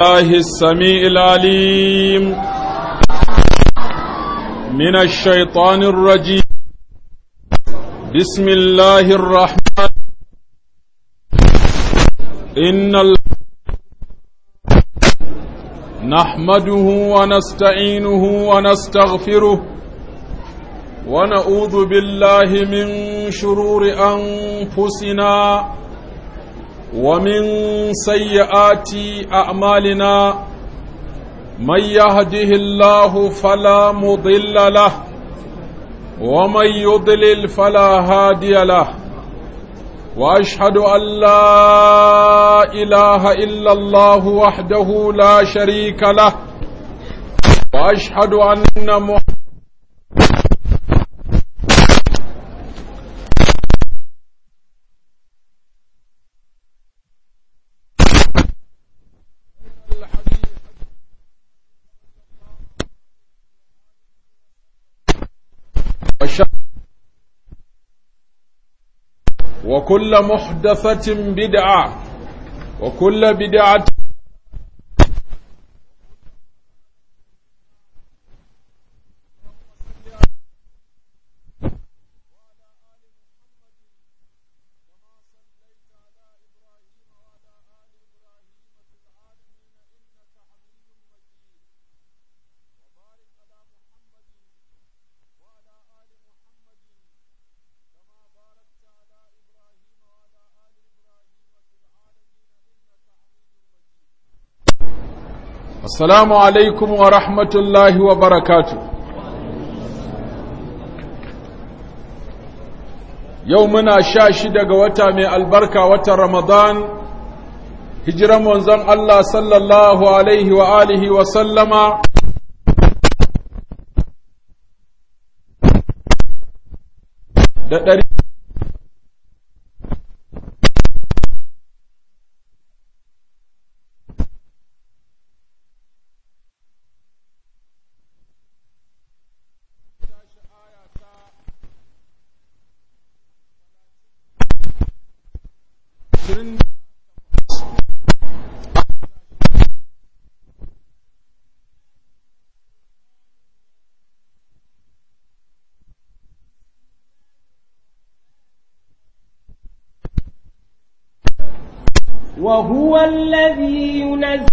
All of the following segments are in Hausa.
الله السميع العليم من الشيطان الرجيم بسم الله الرحمن إن نحمده ونستعينه ونستغفره ونعوذ بالله من شرور أنفسنا ونعوذ ومن سيئات أعمالنا من يهده الله فلا مضل له ومن يضلل فلا هادي له وأشهد أن لا إله إلا الله وحده لا شريك له وأشهد أن محمد وكل محدثة بدعة وكل بدعة السلام عليكم ورحمة الله وبركاته يومنا شاشد قوتا من البركة وتر رمضان هجر منزم الله صلى الله عليه وآله وسلم da ɗari وهو الذي ينزل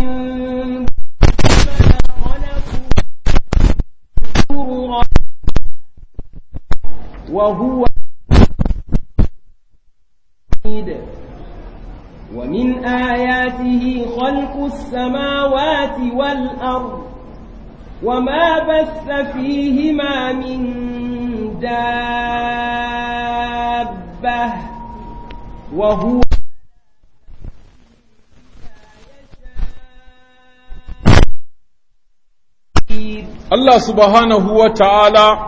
من وهو ومن آياته خلق السماوات والأرض وما بث فيهما من دابه وهو Allah subhanahu wa ta'ala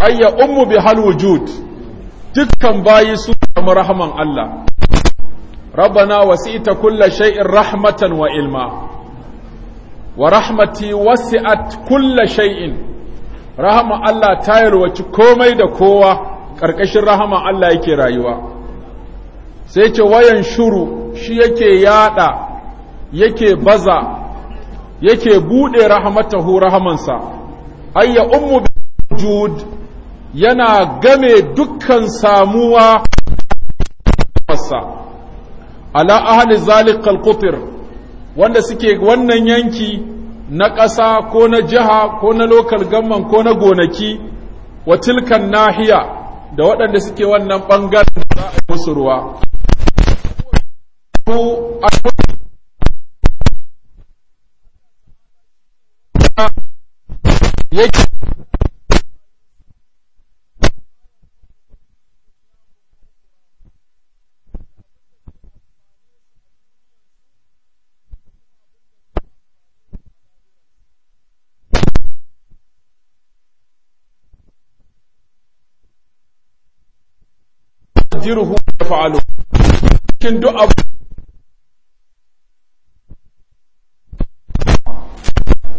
ayya ummu bi hal wujud dukkan bayi su samu rahaman Allah rabbana wasi'ta kulla shay'in rahmatan wa ilma wa rahmati wasi'at kulla shay'in rahama Allah ta yarwaci komai da kowa karkashin rahama Allah yake rayuwa sai ce wayan shuru shi yake yada yake baza yake buɗe rahmatahu rahamansa ayya ummu bi wujud. yana game dukkan samuwa wasa ala ahli zalikal qutir wanda suke wannan yanki na ƙasa ko na jiha ko na lokal gamman ko na gonaki wa tilkan nahiya da waɗanda suke wannan ɓangaren da za a musu ruwa yake jiruhu da fa'alu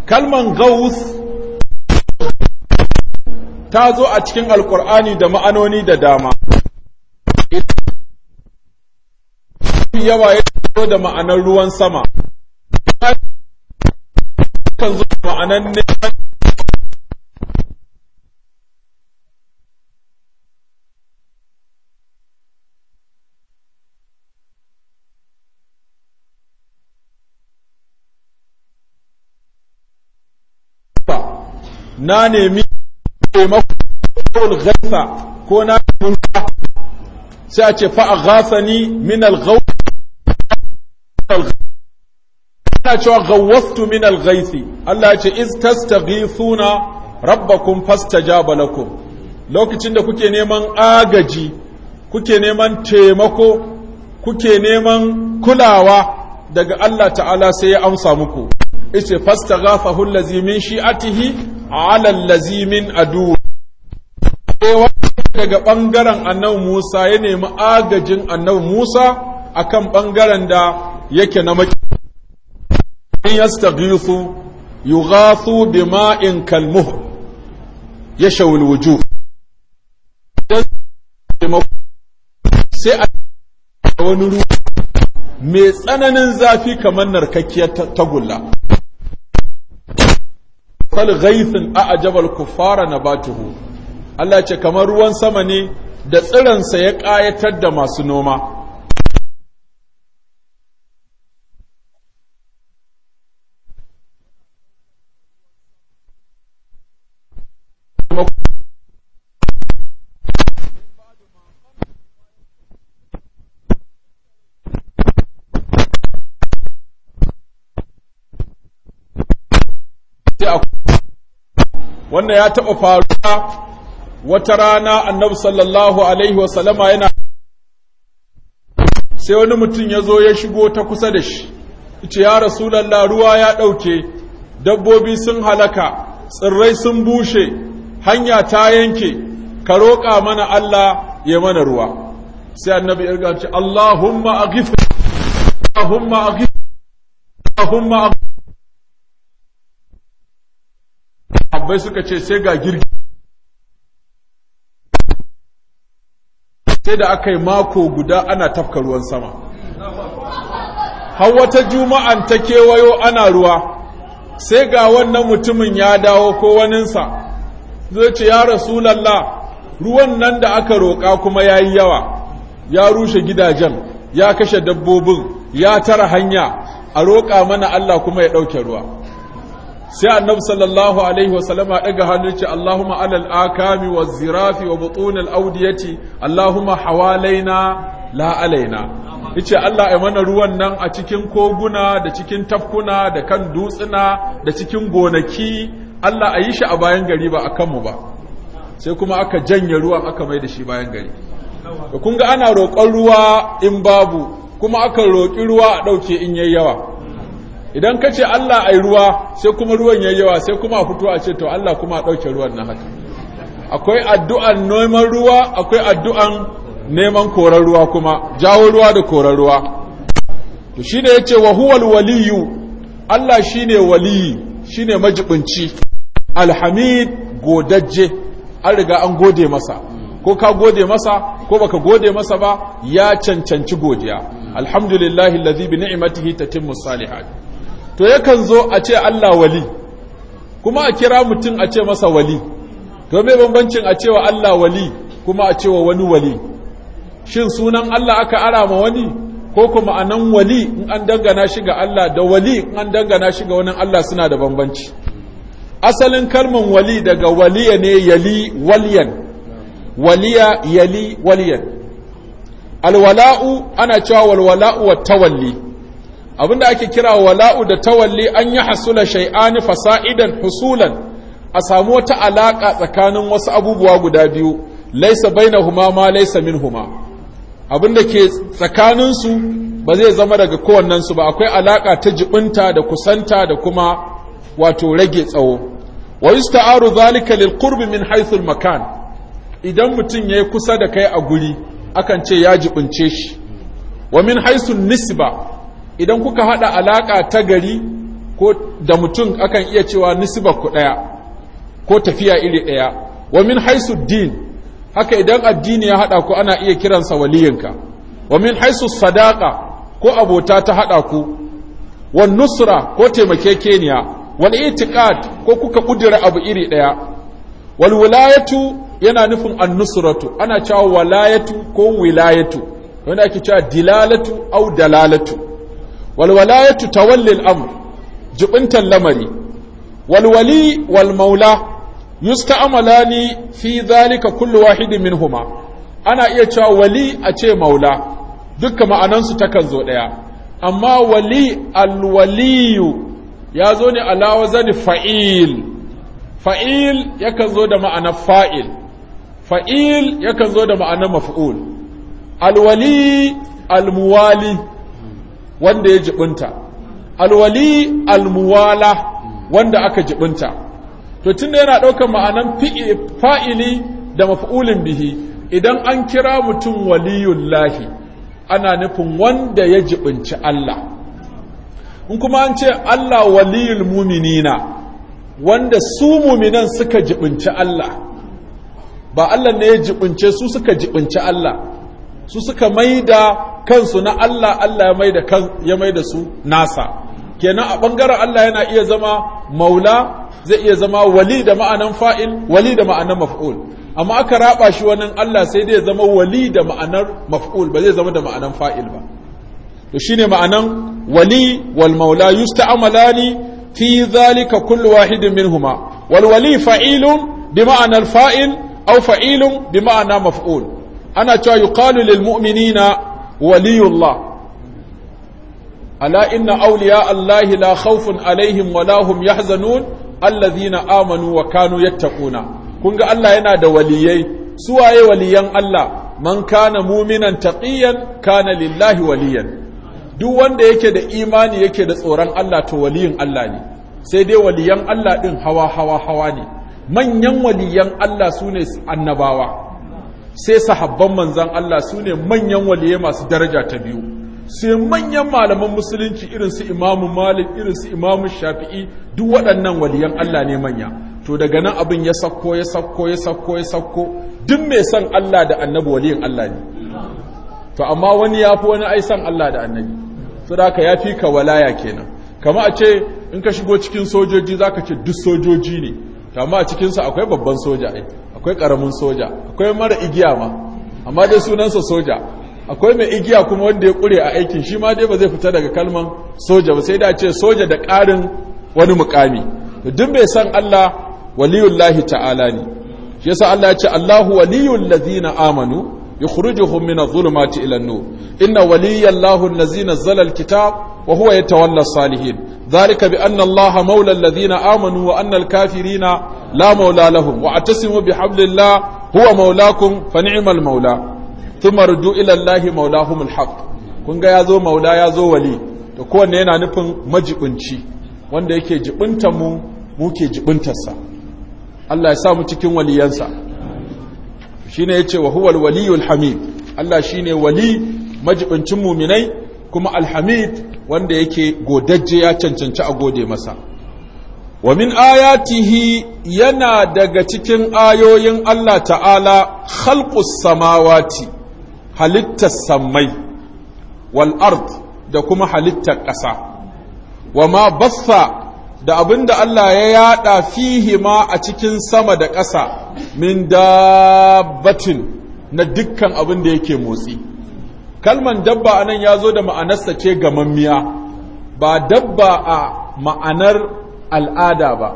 kalman gaus ta zo a cikin alkur'ani da ma'anoni da dama yawa ya zo da ma'anar ruwan sama kan zo da ma'anar ne na nemi taimakon gaisa ko na nemi sai a ce fa'a gasa ni min alghausa ana cewa gawastu min alghaisi Allah ya ce iz tastaghithuna rabbakum fasta lakum lokacin da kuke neman agaji kuke neman taimako kuke neman kulawa daga Allah ta'ala sai ya amsa muku ice fastaghafahu allazi min shi'atihi alallazi min adu daga ɓangaren annabi Musa ya nemi agajin annabi Musa akan ɓangaren da yake na maki in yastaghithu yughathu bima'in kalmuh yashawul wujuh sai a wani ruwa mai tsananin zafi kamar narkakkiyar tagulla kal ghaithin a'jabal kuffara nabatuhu Allah ce kamar ruwan sama ne da tsiransa ya ƙayatar da masu noma wannan ya taɓa faruwa wata rana annabi sallallahu alaihi wasallama yana sai wani mutum ya zo ya shigo ta kusa da shi ce ya rasulallah ruwa ya ɗauke dabbobi sun halaka tsirrai sun bushe hanya ta yanke ka roƙa mana Allah ya mana ruwa sai annabi ya ce Allahumma aghif Allahumma aghif Allahumma sahabbai suka ce sai ga girgi sai da aka yi mako guda ana tafka ruwan sama har ta juma'an ta kewayo ana ruwa sai ga wannan mutumin ya dawo ko waninsa zai ce ya rasulallah ruwan nan da aka roƙa kuma ya yi yawa ya rushe gidajen ya kashe dabbobin ya tara hanya a roƙa mana Allah kuma ya ɗauke ruwa sai annabi sallallahu alaihi wa sallama daga hannun ce Allahumma alal akami wa zirafi wa al audiyati Allahumma hawalaina la alaina yace Allah ya mana ruwan nan a cikin koguna da cikin tafkuna da kan dutsuna da cikin gonaki Allah a yi shi a bayan gari ba a kanmu ba sai kuma aka janye ruwan aka mai da shi bayan gari kun ga ana roƙon ruwa in babu kuma aka roƙi ruwa a ɗauke in yayi yawa idan ka ce Allah ai ruwa sai kuma ruwan yi yawa sai kuma a fito a ce to Allah kuma a ɗauke ruwan na haka akwai addu'an neman ruwa akwai addu'an neman korar ruwa kuma jawo ruwa da korar ruwa to shi ne ya ce wa huwal waliyu Allah shi ne waliyi shi ne majibinci alhamid godaje. an riga an gode masa ko ka gode masa ko baka gode masa ba ya cancanci godiya alhamdulillahi lazi bi ni'imatihi tatimmu salihat to yakan zo a ce Allah wali kuma a kira mutum a ce masa wali to me bambancin a cewa Allah wali kuma a cewa wani wali shin sunan Allah aka ara ma wani ko kuma anan wali in an dangana shi ga Allah da wali in an dangana shi ga wani Allah suna da bambanci asalin kalman wali daga waliya ne yali waliyan waliya yali waliyan alwala'u ana cewa walwala'u wa tawalli abinda ake kira wa wala'u da tawalli an yi hasula shay'ani fasa'idan husulan a samu wata alaƙa tsakanin wasu abubuwa guda biyu laisa huma ma laisa min minhuma abinda ke tsakaninsu ba zai zama daga kowannen su ba akwai alaƙa ta jibinta da kusanta da kuma wato rage tsawo wa yusta'aru zalika lil qurbi min haythu makan idan mutum yayi kusa da kai a guri akan ce ya jibince shi wa min haythu nisba idan kuka hada alaka ta gari ko da mutum akan iya cewa nisba ku daya ko tafiya iri daya wa min haisu din haka idan addini ya hada ku ana iya kiransa waliyinka wa min haisu sadaqa ko abota ta hada ku wa nusra ko taimakekeniya wal itiqad ko kuka kudura abu iri daya wal wilayatu yana nufin an-nusratu ana cewa walayatu ko wilayatu wanda ake cewa dilalatu au dalalatu walwalayatu tawallil amr jibintar lamari walwali walmaula yusta'amalani fi dhalika kullu wahidin minhuma ana iya cewa wali a ce maula dukkan ma'anansu takan zo daya amma wali alwaliyu ya zo ne alawa zani fa'il fa'il yakan zo da ma'anar fa'il fa'il yakan zo da ma'anar maf'ul alwali almuwali wanda ya jibinta alwali almuwala wanda aka jibinta to tunda yana daukar ma'anan fa'ili da maf'ulin bihi idan an kira mutum waliyullahi ana nufin wanda ya jibinci Allah in kuma an ce Allah waliyul muminina wanda su muminan suka jibinci Allah ba Allah ne ya jibince su suka jibinci Allah su suka maida kansu na Allah Allah ya maida kan ya maida su nasa kenan a bangaren Allah yana iya zama maula zai iya zama wali da ma'anan fa'il wali da ma'anan maf'ul amma aka raba shi wannan Allah sai dai ya zama wali da ma'anar maf'ul ba zai zama da ma'anan fa'il ba to shine ma'anan wali wal maula yusta'malani fi zalika kullu wahidin minhuma wal wali fa'ilun bi ma'anar fa'il aw fa'ilun bi ma'ana maf'ul ana cewa yuqalu lil mu'minina waliyullah ala inna awliya allahi la khawfun alaihim wa lahum yahzanun alladhina amanu wa kanu yattaquna kun ga Allah yana da waliyai suwaye waliyan Allah man kana muminan taƙiyan, kana lillahi waliyan duk wanda yake da imani yake da tsoron Allah to waliyin Allah ne sai dai waliyan Allah din hawa hawa hawa ne manyan waliyan Allah sune annabawa sai sahabban manzan Allah su ne manyan waliye masu daraja ta biyu sai manyan malaman musulunci irin su imamu malik irin imamu shafi'i duk waɗannan waliyan Allah ne manya to daga nan abin ya sakko ya sakko ya sakko ya sakko duk mai son Allah da annabi waliyin Allah ne to amma wani ya fi wani ai son Allah da annabi to da ka ya fi ka walaya kenan kama a ce in ka shigo cikin sojoji za ka ce duk sojoji ne kama a cikinsu akwai babban soja ai akwai ƙaramin soja akwai mara igiya ma amma dai sunansa soja akwai mai igiya kuma wanda ya ƙure a aikin shi ma dai ba zai fita daga kalman soja ba sai da ce soja da ƙarin wani mukami duk bai san Allah waliyullahi ta'ala ne shi yasa Allah ya ce Allahu waliyul ladzina amanu yukhrijuhum min adh-dhulumati ilannu. Inna nur inna waliyallahu zalal kitab wa huwa yatawalla salihin zalika bi annallaha Allah maula amanu wa anna kafirina la maula lahum wa atasimu bi hablillah huwa maulakum fa ni'mal maula thumma rujuu ila Allah maulahum al-haq kun ga zo maula yazo wali to kowanne yana nufin majibinci wanda yake jibinta mu muke jibintarsa Allah ya sa mu cikin waliyansa shine yace wa huwal waliyul hamid Allah shine wali majibincin muminai kuma alhamid wanda yake godajje ya cancanci a gode masa wa min ayatihi yana daga cikin ayoyin Allah ta'ala khalqus samawati halittar samai, wal ard da kuma halittar ƙasa wa ma bassa da abinda Allah ya yada fihi ma a cikin sama da ƙasa min dabbatin na dukkan abin da yake motsi kalman dabba a nan ya zo da ma'anarsa ce gamammiya ba dabba a ma'anar al'ada ba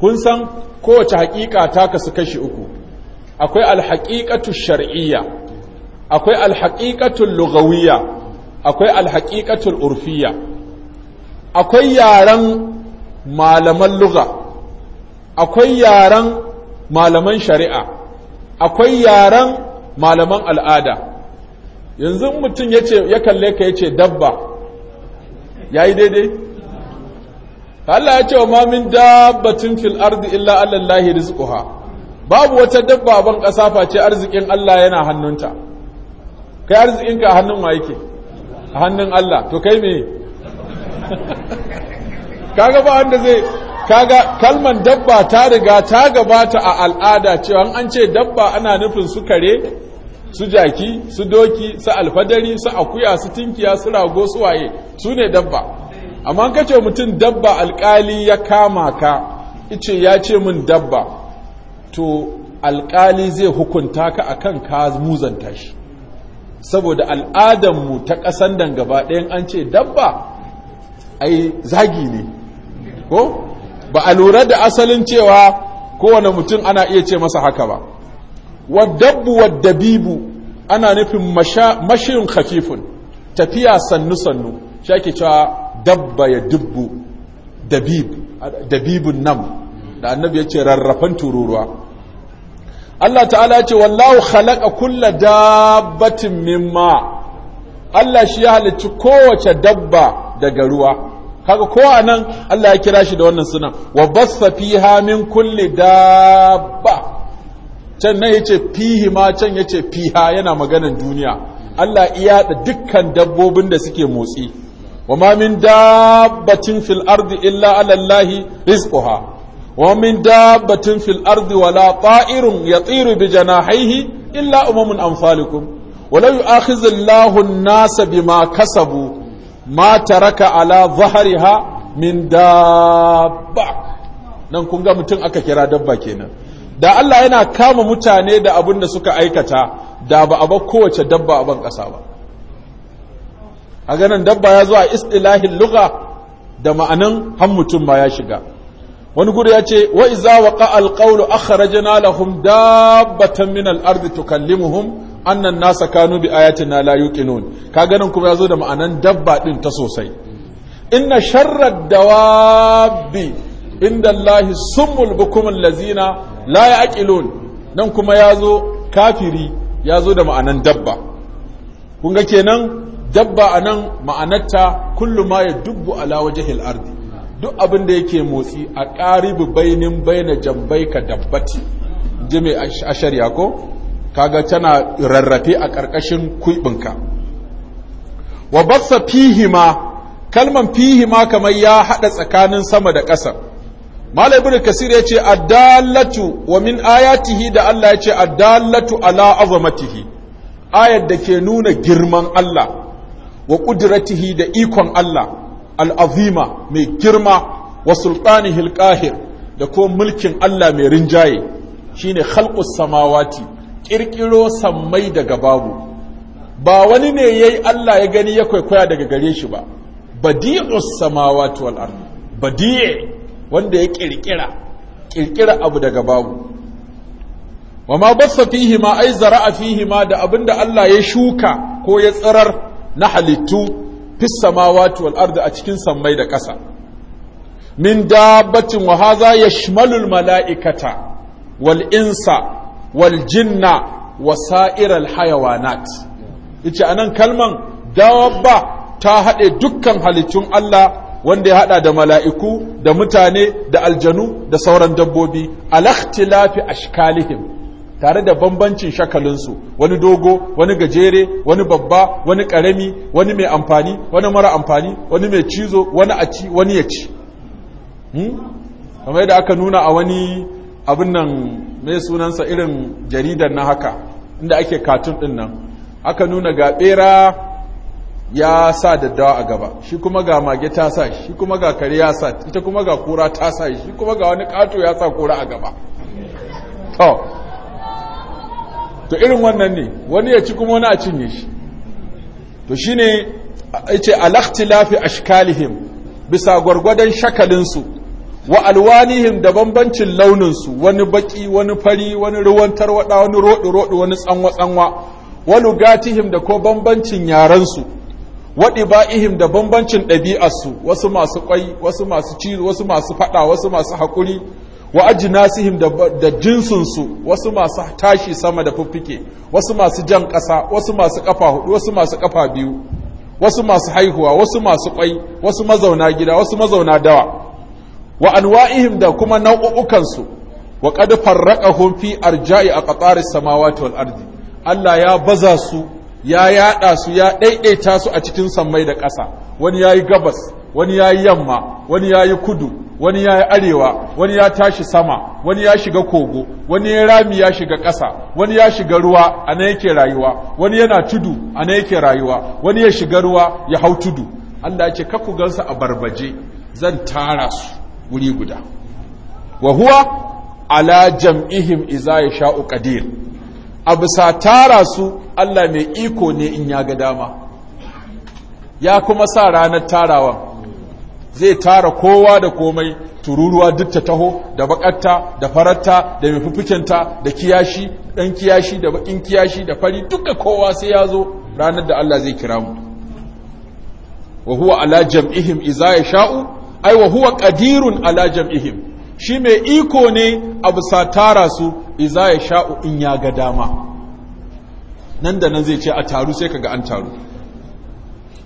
kun san kowace haƙiƙa ta kasu kashi uku akwai alhaƙiƙatu shar'iyya akwai alhaƙiƙatun lugawiyya akwai alhaƙiƙatun urfiyya akwai yaren malaman luga akwai yaren malaman shari'a akwai yaren malaman al'ada yanzu mutum ya ce ya kalle ka ya ce dabba ya yi daidai Allah ya ce wa mamin dabbatin fil ardi illa allallahi rizquha babu wata dabba ban ƙasa face arzikin Allah yana hannunta kai arzikinka a hannun wa yake a hannun Allah to kai me kaga ba wanda zai kaga kalman dabba ta riga ta gabata a al'ada cewa an ce dabba ana nufin su kare su jaki su doki su alfadari su akuya su tinkiya su rago su waye su ne dabba amma ka ce mutum dabba alkali ya kama ka ice ya ce min dabba to alkali zai hukunta ka akan ka muzanta shi saboda mu ta ƙasan dan gaba ɗayan an ce dabba ai zagi ne ko ba a lura da asalin cewa kowane mutum ana iya ce masa haka ba waddabbu waddabibu ana nufin mashin khafifun tafiya sannu sannu shi ake cewa dabba ya dubbu dabibu dabibun nam da annabi ya ce rarrafan tururuwa Allah ta'ala ya ce wallahu khalaqa kulla dabbatin mimma Allah shi ya halicci kowace dabba daga ruwa kaga ko anan Allah ya kira shi da wannan sunan wa bassa fiha min kulli dabba can nan yace fihi ma can yace fiha yana maganan duniya Allah iya da dukkan dabbobin da suke motsi wa ma min dabbatin fil ardi illa ala Allah rizquha wa min dabbatin fil ardi wala ta'irun yatiru bi janahihi illa umamun amsalikum wala yu'akhidhu Allahu an-nasa bima kasabu ma taraka ala dhahriha min dabba nan kun ga mutum aka kira dabba kenan da Allah yana kama mutane da abin da suka aikata da ba a ba kowace dabba a ban ƙasa ba a ganin dabba ya zo a istilahin lugha da ma'anin han mutum ma ya shiga wani guri ya ce wa iza wa qa'al qawlu akhrajna lahum dabbatan min al-ard tukallimuhum annan nasa kanu bi na la yuqinun ka ganin kuma ya zo da ma'anan dabba din ta sosai inna sharrad dawabi inda Allah sumul bukumul lazina la ya aqilun nan kuma yazo kafiri yazo da ma'anan dabba kun ga kenan dabba anan ma'anarta kullu ma yadubbu ala wajhil ardi duk abin da yake motsi a qaribu bainin baina jambaika dabbati je mai ashariya ko kaga tana rarrafe a karkashin kuibinka wa bassa fihima kalman fihima kamar ya hada tsakanin sama da ƙasa Malam Ibn Kasir ya ce addallatu wa min ayatihi da Allah ya ce addallatu ala azamatihi ayar da ke nuna girman Allah wa kudratihi da ikon Allah al'azima mai girma wa sultanihi hilƙahir da ko mulkin Allah mai rinjaye shine khalqus samawati ƙirƙiro sammai daga babu ba wani ne yayi Allah ya gani ya kwaikwaya daga gare shi ba badi'us samawati wal ardi wanda ya kirkira kirkira abu daga babu wa ma bassa fihi ma ai zara'a fihi ma da abinda Allah ya shuka ko ya tsirar na halittu fis samawati wal ardi a cikin sammai da ƙasa min dabbatin wa hadha yashmalul mala'ikata wal insa wal jinna wa sa'iral hayawanat yace anan kalman dabba ta haɗe dukkan halittun Allah wanda ya hada da mala'iku da mutane da aljanu da sauran dabbobi alakhtilafi ashkalihim tare da bambancin shakalinsu wani dogo wani gajere wani babba wani karami wani mai amfani wani mara amfani wani mai cizo wani a ci wani ya ci hmm? kamar yadda aka nuna a wani abin nan mai sunansa irin jaridar na haka inda ake katun din nan aka nuna ga bera ya sa daddawa a gaba shi kuma ga mage ta sa shi kuma ga kare ya sa ita kuma ga kura ta sa shi kuma ga wani kato ya sa kura a gaba to to irin wannan ne wani ya ci kuma wani a cinye shi to shine yace alaktilafi ashkalihim bisa gwargwadon shakalinsu wa alwanihim da bambancin launinsu wani baki wani fari wani ruwan tarwada wani roɗi roɗi wani tsanwa tsanwa gatihim da ko bambancin yarensu waɗi ba'ihim da bambancin ɗabi'arsu wasu masu ƙwai wasu masu cizo wasu masu faɗa wasu masu haƙuri wa nasihim da jinsinsu wasu masu tashi sama da fuffuke wasu masu jan ƙasa wasu masu ƙafa hudu wasu masu ƙafa biyu wasu masu haihuwa wasu masu ƙwai wasu mazauna gida wasu mazauna dawa wa anwa'ihim da kuma nau'ukansu wa qad farraqahum fi arja'i aqtaris samawati wal ardi Allah ya baza su ya yada su ya daidaita su a cikin sammai da ƙasa wani ya yi gabas wani ya yi yamma wani ya yi kudu wani ya yi arewa wani ya tashi sama wani ya shiga kogo wani ya rami ya shiga ƙasa wani ya shiga ruwa a ana yake rayuwa wani yana tudu a ana yake rayuwa wani ya shiga ruwa ya hau tudu Allah ya ce kaku gansa a barbaje zan tara su wuri guda wa huwa ala jam'ihim iza yasha'u qadir a bisa tara su Allah mai iko ne in ya ga dama ya kuma sa ranar tarawa zai tara kowa da komai tururuwa duk ta taho da bakatta da faratta da mafifikinta da kiyashi ɗan kiyashi da bakin kiyashi da fari duka kowa sai ya zo ranar da Allah zai kira mu wa huwa ala jam'ihim iza yasha'u ai wa huwa qadirun ala jam'ihim shi mai iko ne a sa tara su iza ya sha'u in ya ga dama nan da nan zai ce a taru sai kaga an taru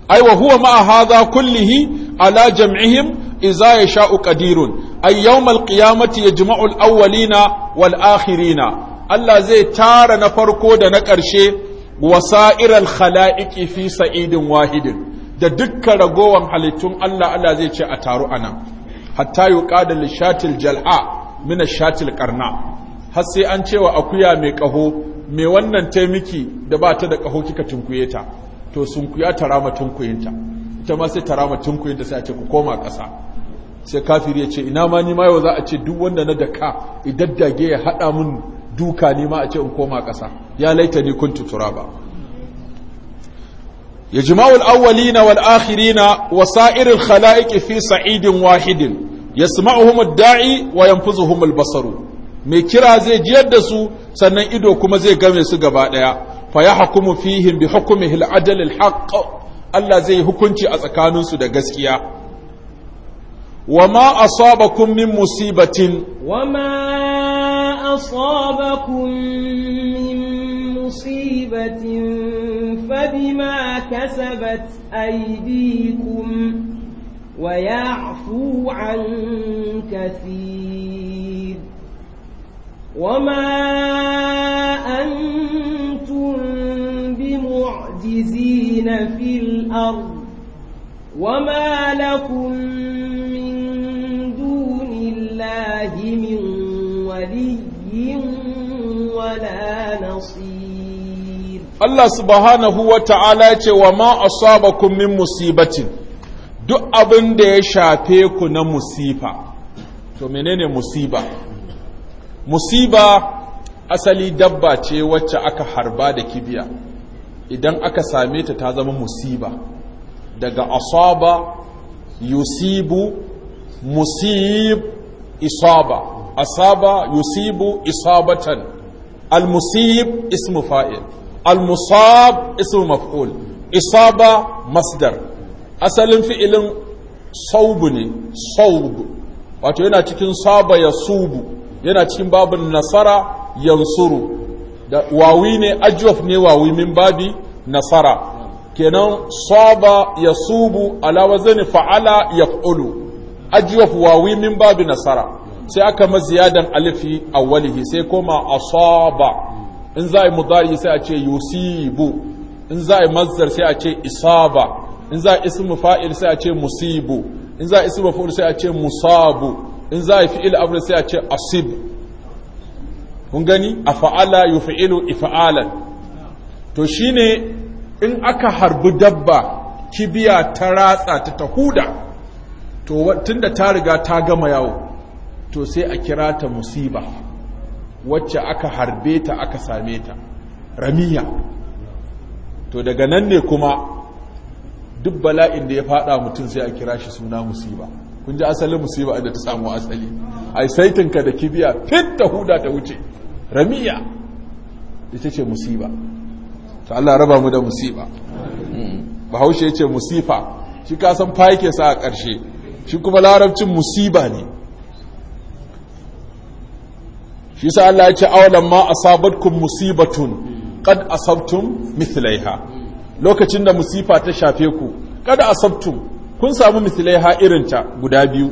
ai wa huwa ma'a hadha kullihi ala jam'ihim iza ya sha'u qadirun ay yawm al-qiyamati yajma'u al-awwalina wal-akhirina Allah zai tara na farko da na ƙarshe wasa'ir al-khala'iqi fi sa'idin wahidin da dukkan ragowan halittun Allah Allah zai ce a taru anan hatta yuqadal shatil jal'a min ash-shatil qarna har sai an cewa akuya mai kaho mai wannan taimaki da ba ta da kaho kika tunkuye ta to sun kuya ta rama tunkuyinta ita ma sai ta rama tunkuyinta sai a ce ku koma ƙasa sai kafiri ya ce ina ma ni ma yau za a ce duk wanda na daka idaddage ya haɗa min duka ne ma a ce in koma ƙasa ya laita ni kun ba. Ya awwalina wal akhirina الأولين والآخرين sa'idin wahidin في سعيد da'i, wa الداعي وينفذهم basaru. mai kira zai jiyar da su sannan ido kuma zai game su gaba ɗaya. fa yahkumu fihim bi hukmihi al-adl al-haqq Allah zai hukunci a tsakaninsu da gaskiya وما أصابكم من مصيبة وما أصابكم من مصيبة فبما كسبت أيديكم ويعفو عن كثير وما أنتم بمعجزين في الأرض وما لكم من دون الله من ولي ولا نصير الله سبحانه وتعالى وما أصابكم من مصيبة duk abin da ya shafe ku na musifa to menene musiba musiba asali dabba ce wacce aka harba da kibiya idan aka same ta ta zama musiba daga asaba yusibu musib isaba asaba yusibu isabatan almusib ismu fa'il almusab ismu maf'ul isaba masdar asalin fi'ilin saubu ne saubu wato yana cikin saba ya subu yana cikin babin nasara yansuru da wawi ne ajwaf ne wawi min babi nasara kenan saba yasubu ala wazni fa'ala yaqulu ajwaf wawi min babi nasara sai aka ma ziyadan alifi awwalihi sai koma asaba in za mudari sai a ce yusibu in za mazdar sai a ce isaba in za ismu fa'il sai a ce musibu in za ismu maf'ul sai a ce musabu in za a fi'il amrin sai a ce asib kun gani a fa'ala yi fi'ilu ifa'alan to shi ne in aka harbi dabba kibiya ta ratsa ta tahuda to tun da ta riga ta gama yawo to sai a kira ta musiba wacce aka harbe ta aka same ta ramiya to daga nan ne kuma duk bala'in da ya fada mutum sai a kira shi suna musiba kun ji asalin musiba da ta samu asali ai saitinka da kibiya fit huda ta wuce ramiya ita ce musiba ta Allah raba mu da musiba mm. bahaushe ce musifa shi kasan fa yake sa a ƙarshe shi kuma larabcin musiba ne shi sa Allah ya ce awalan ma asabatkum musibatun qad asabtum mithlaiha lokacin da musifa ta shafe ku kada asabtum kun samu misilai ha irinta guda biyu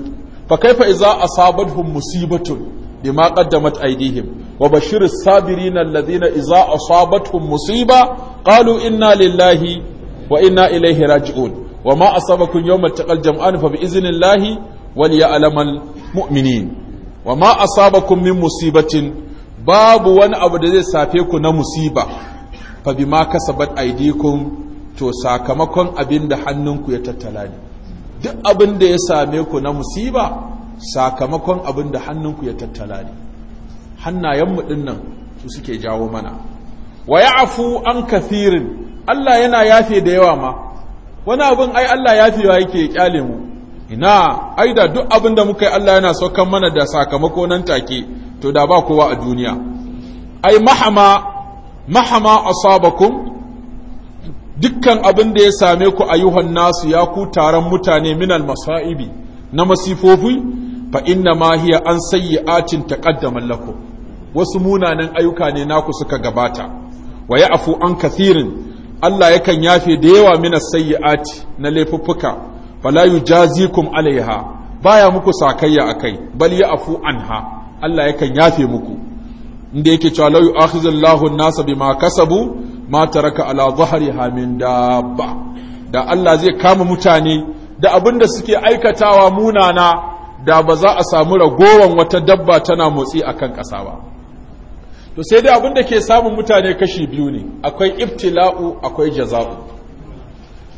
fa kaifa idza asabatuhum musibatun bima qaddamat aydihim wa bashir as-sabirin alladhina idza asabatuhum musiba qalu inna lillahi wa inna ilayhi wa ma asabakum yawma taqal jam'an fa bi'iznillahi wal ya'lamal mu'minin wa ma asabakum min musibatin babu wani abu da zai safe ku na musiba fa bima kasabat aydikum to sakamakon abin da hannunku ya tattala ne duk abin da ya same ku na musiba sakamakon abin da hannunku ya tattala ne hannayenmu ɗin nan su suke jawo mana wa Afu an kafirin? Allah yana yafe da yawa ma wani abin ai Allah yafewa yake kyale mu ina ai da duk abin da muka yi Allah yana saukan mana da sakamako nan take to da ba kowa a duniya ai mahama mahama asabakum dukkan abin da ya same ku ayyuhan nasu ya ku taron mutane minal masa'ibi na masifofi fa inna ma hiya an sayyi'atin taqaddaman lakum wasu munanan ayyuka ne naku suka gabata wa ya'fu an kathirin Allah yakan yafe da yawa min sayyi'ati na laifuffuka fala yujazikum alaiha baya muku sakayya akai bal ya'fu anha Allah yakan yafe muku inda yake cewa la yu'akhizullahu an-nasa bima kasabu ma taraka ala zahriha min dabba da Allah zai kama mutane da da suke aikatawa munana da ba za a samu ragowan wata dabba tana motsi akan ƙasa ba to sai dai da ke samun mutane kashi biyu ne akwai ibtila'u akwai jaza'u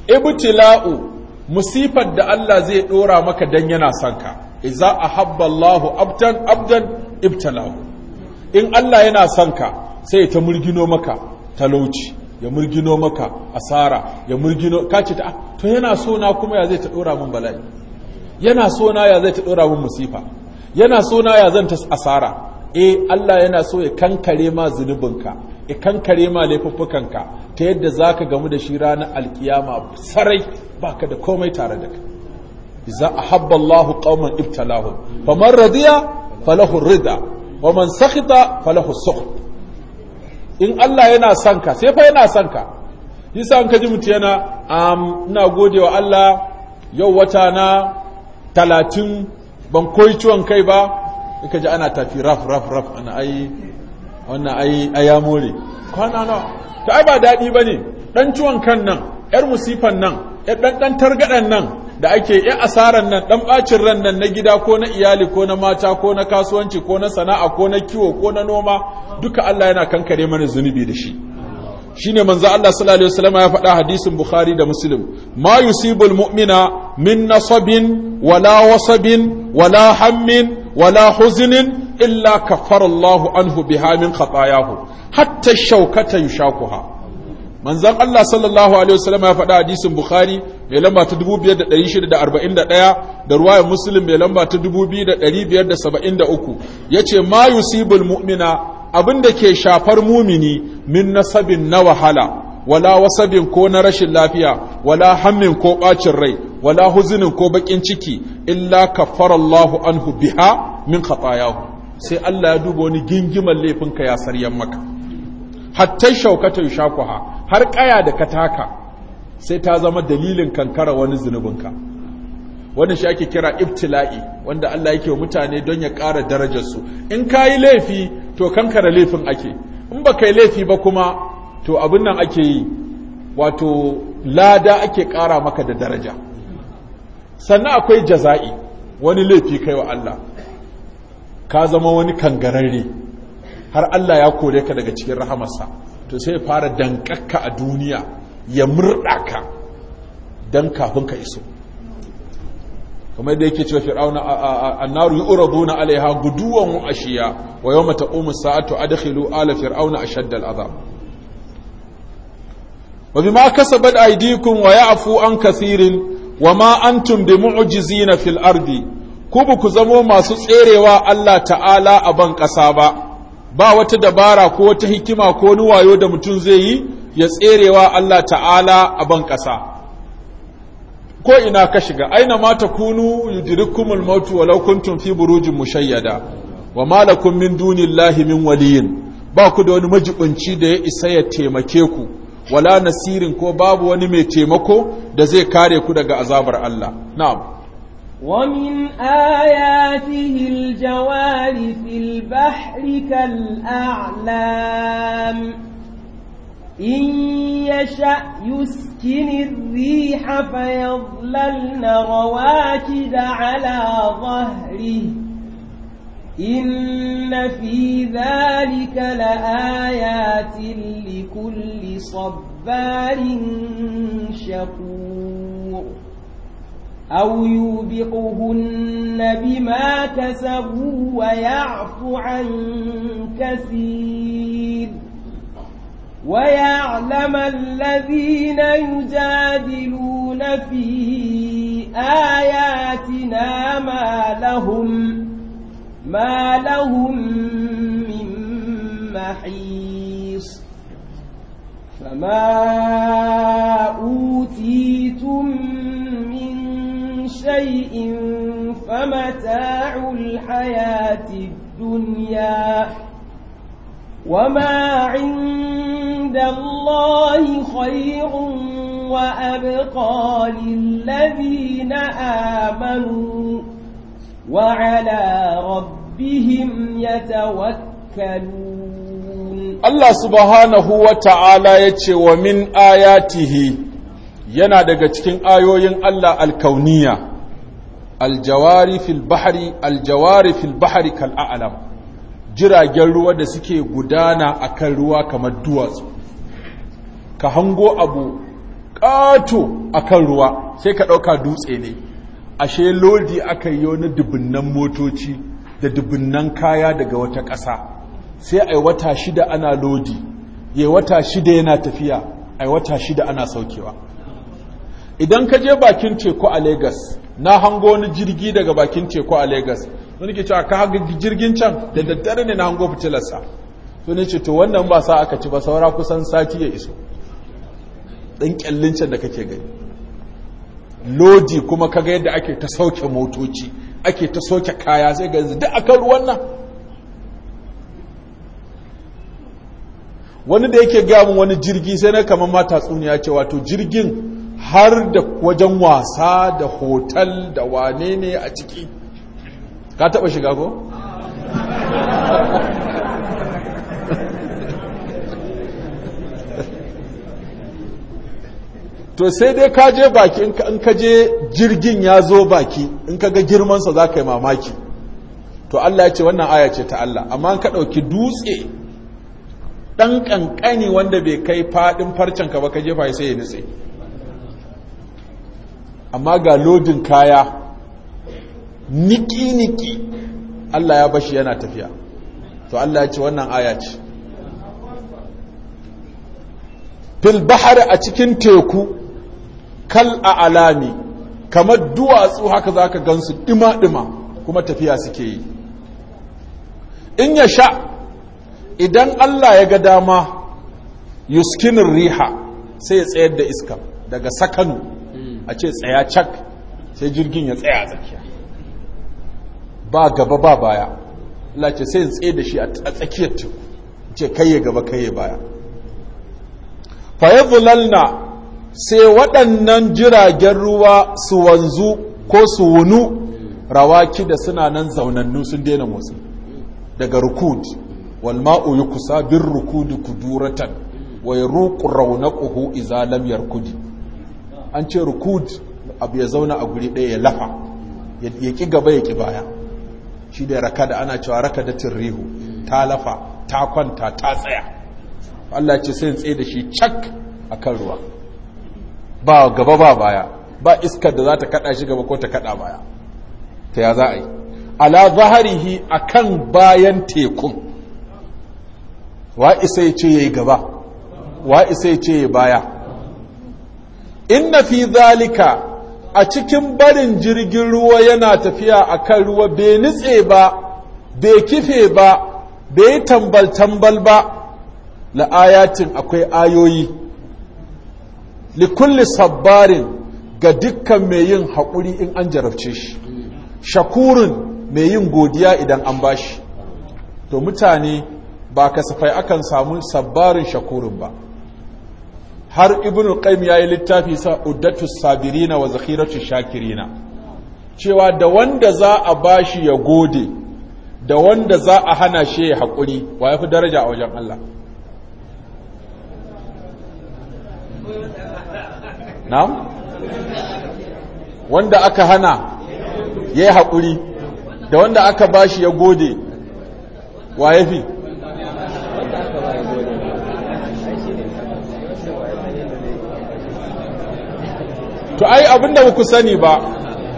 ibtila'u musifar da Allah zai ɗora maka dan yana son ka idza ahabba Allahu abdan abdan ibtala'u in Allah yana son ka sai ta murgino maka talauci ya murgino maka asara ya murgino kace ta ah, to yana so na kuma ya zai ta dora mun bala'i yana so na ya zai ta dora mun musifa yana so na ya zan asara eh Allah yana so ya kankare ma zunubinka ya kankare ma laifuffukanka ta yadda zaka gamu da shi ranar alkiyama sarai baka da komai tare da kai iza ahabba Allah qauman ibtalahum faman radiya falahu rida wa man sakhita falahu sukht in Allah yana son ka sai fa yana son ka yasa an kaji mutu yana ina gode wa Allah yau wata na talatin ban koyi ciwon kai ba ka ji ana tafi raf raf raf ana ai wannan ai aya more kwana na ta ai ba daɗi ba ne ɗan ciwon kan nan ‘yar musifan nan ‘yar ɗan targaɗan nan da ake yi asarar nan dan bacin ran nan na gida ko na iyali ko na mata ko na kasuwanci ko na sana'a ko na kiwo ko na noma duka Allah yana kankare mana zunubi da shi shine manzo Allah sallallahu alaihi wasallam ya faɗa hadisin Bukhari da Muslim ma yusibul mu'mina min nasabin wala wasabin wala hammin wala huznin illa kafara Allahu anhu biha min khatayahu hatta shaukata yushakuha manzan Allah sallallahu alaihi wasallam ya faɗa hadisin Bukhari mai lamba ta 2641 da ruwayar Muslim mai lamba ta 2573 yace ma yusibul mu'mina da ke shafar mumini min nasabin na wahala wala wasabin ko na rashin lafiya wala hammin ko bacin rai wala huzunin ko baƙin ciki illa kafarallahu anhu biha min khatayahu sai Allah ya duba wani gingiman laifinka ya saryan maka hatta shaukata yushakuha har ƙaya da ka taka sai ta zama dalilin kankara wani zunubinka wanda shi ake kira ibtila'i wanda Allah yake wa mutane don ya ƙara darajarsu in ka yi laifi to kankara laifin ake in ba ka yi laifi ba kuma to abin nan ake yi wato lada ake ƙara maka da daraja sannan akwai jaza'i wani laifi kai wa Allah ka zama wani kangararre har Allah ya kore ka daga cikin rahamarsa to sai fara dankakka a duniya ya murda ka don kafin ka iso kamar da yake cewa fir'auna annaru yu'raduna alaiha guduwan wa ashiya wa yawma taqumu sa'atu adkhilu ala fir'auna ashadda al'azab wa bima kasabat aydikum wa ya'fu an kathirin wa ma antum bimu'jizina fil ardi ku ku zamo masu tserewa Allah ta'ala a ban ƙasa ba ba wata dabara ko wata hikima ko wani wayo da mutum zai yi ya tserewa Allah ta'ala a ban ƙasa ko ina ka shiga aina ma kunu, yudrikumul maut walau kuntum fi burujin mushayyada wa ma min dunillahi min waliyin ba ku da wani majibinci da ya isa ya taimake ku wala nasirin ko babu wani mai taimako da zai kare ku daga azabar Allah na'am ومن آياته الجوار في البحر كالأعلام إن يشأ يسكن الريح فيظللن رواكد على ظهره إن في ذلك لآيات لكل صبار شكور أو يوبقهن بما كسبوا ويعفو عن كثير ويعلم الذين يجادلون في آياتنا ما لهم ما لهم من محيص فما أوتيتم شيء فمتاع الحياة الدنيا وما عند الله خير وأبقى للذين آمنوا وعلى ربهم يتوكلون الله سبحانه وتعالى يتشوى من آياته yana daga cikin ayoyin Allah alkauniya aljawari fil bahari aljawari fil bahari kal a'lam jiragen ruwa da suke gudana akan ruwa kamar duwatsu ka hango abu ƙato akan ruwa sai ka ɗauka dutse ne ashe lodi aka yi wani dubunnan motoci da dubunnan kaya daga wata ƙasa sai ai wata shida ana lodi Yai wata shida yana tafiya a wata shida ana saukewa idan ka je bakin teku a Legas na hango wani jirgi daga bakin teku a Legas Wani ke cewa ka haga jirgin can da daddare ne na hango fitilarsa to ne ce to wannan ba sa aka ci ba saura kusan sati ya iso ɗan ƙyallincin can da kake gani lodi kuma kaga yadda ake ta sauke motoci ake ta sauke kaya sai ga duk akan ruwan nan wani da yake min wani jirgi sai na kamar mata tsuniya cewa to jirgin har da wajen wasa da hotel da wane ne a ciki ka taba shiga ko? to sai dai ka je baki in ka je jirgin ya zo baki in ka ga girmansa za ka yi mamaki to Allah ya ce wannan aya ce ta Allah amma ka ɗauki dutse ɗan ƙanƙani wanda bai kai faɗin farcenka ba ka jefa sai ya nutse amma ga lodin kaya niki-niki Allah ya bashi yana tafiya to Allah ya ce wannan aya ce fil bahar a cikin teku kal a alami kamar duwatsu haka za ka gansu dima-dima kuma tafiya suke yi in ya sha idan Allah ya ga dama yuskinin riha sai ya tsayar da iska daga sakanu a ce tsaya cak sai jirgin ya tsaya a tsakiya ba gaba ba baya Allah sai tsaye da shi a tsakiyar teku ce kai gaba kai ya baya fayyazulalna sai waɗannan jiragen ruwa su wanzu ko su wunu rawaki da suna nan zaunannu sun daina motsi daga rukud walma'u yi kusa bin rukudu kuduratan wai ruku raunakuhu iza lam yarkudi an ce rukud abu ya zauna a guri ɗaya ya lafa ya ƙi gaba ya ƙi baya shi da raka da ana cewa raka da rihu ta lafa ta kwanta ta tsaya Allah ce sai tsaye da shi cak a kan ruwa ba gaba ba baya ba iskar da za ta kaɗa shi gaba ko ta kaɗa baya ta ya za a yi ala zaharihi a kan bayan tekun wa isai ya ce ya yi gaba wa isai ya ce ya baya inna fi zalika a cikin barin jirgin ruwa yana tafiya a kan ruwa bai nitse ba bai kife ba bai yi tambal-tambal ba la'ayatin akwai ayoyi likulli sabbarin ga dukkan mai yin haƙuri in an jarabce shi Shakurun mai yin godiya idan an bashi to mutane ba kasafai akan samu sabbarin shakurun ba har ibn al ya yi littafi sa uddatu sabirina wa zakhiratu shakirina cewa da wanda za a bashi ya gode da wanda za a hana shi ya haƙuri wa ya fi daraja a wajen Allah na'am wanda aka hana ya yi haƙuri da wanda aka bashi ya gode wa ya fi to ai abin da muku sani ba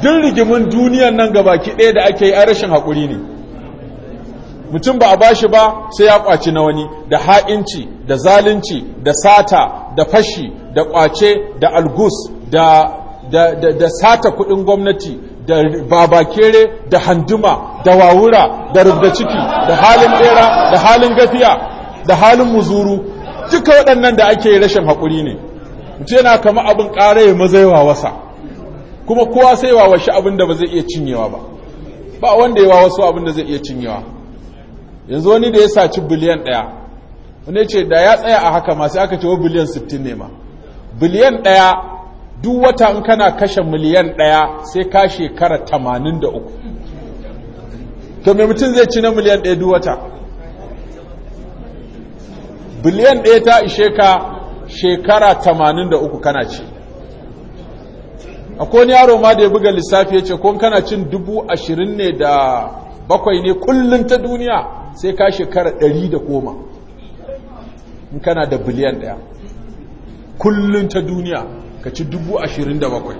duk rigimin duniyan nan ga baki ɗaya da ake yi a rashin haƙuri ne mutum ba a bashi ba sai ya kwaci na wani da ha'inci da zalunci da sata da fashi da ƙwace, da algus da da, da, da sata kuɗin gwamnati da babakere da handuma da wawura da rubda ciki da halin bera da halin gafiya da halin muzuru duka waɗannan da ake rashin haƙuri ne mutum yana kama abin ƙara ya mazaiwa wasa kuma kowa sai wa washi abin da ba zai iya cinyewa ba ba wanda ya wa wasu abin da zai iya cinyewa yanzu wani da ya saci biliyan ɗaya wani ce da ya tsaya a haka masu aka ce wa biliyan 60 ne ma biliyan ɗaya duk wata in kana kashe miliyan ɗaya sai ka shekara 83 to mai mutum zai ci na miliyan ɗaya duk biliyan ɗaya ta ishe ka shekara tamanin da uku kana ci akwai yaro ma da ya buga lissafi ya ce kun kana cin dubu ashirin ne da bakwai ne kullum ta duniya sai ka shekara ɗari da koma in kana da biliyan ɗaya kullum ta duniya ka ci dubu ashirin da bakwai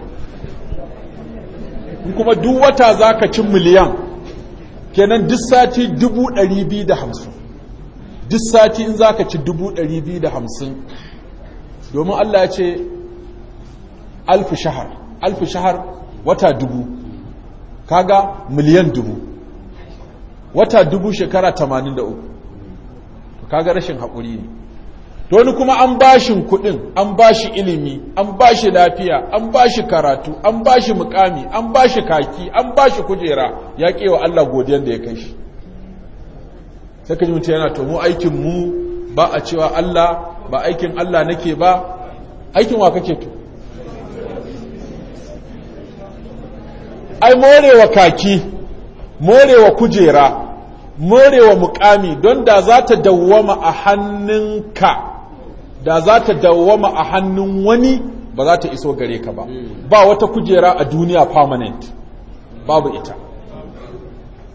in kuma duk wata za ka ci miliyan kenan duk sati dubu ɗari biyu da hamsin duk sati in za ka ci dubu ɗari biyu da hamsin domin Allah ya ce alfi shahar alfi shahar wata dubu kaga miliyan dubu wata dubu shekara 83 kaga rashin haƙuri ne to ni kuma an bashi kuɗin an bashi ilimi an bashi lafiya an bashi karatu an bashi mukami an bashi kaki an bashi kujera ya kewa Allah godiyar da ya kai shi sai ka ji yana to mu aikin mu ba a cewa Allah ba aikin Allah nake ba aikin wa kake to ai morewa kaki morewa kujera morewa mukami don da za ta dawwama a hannunka da za ta dawwama a hannun wani ba za ta iso gare ka ba hmm. ba wata kujera a duniya permanent babu ita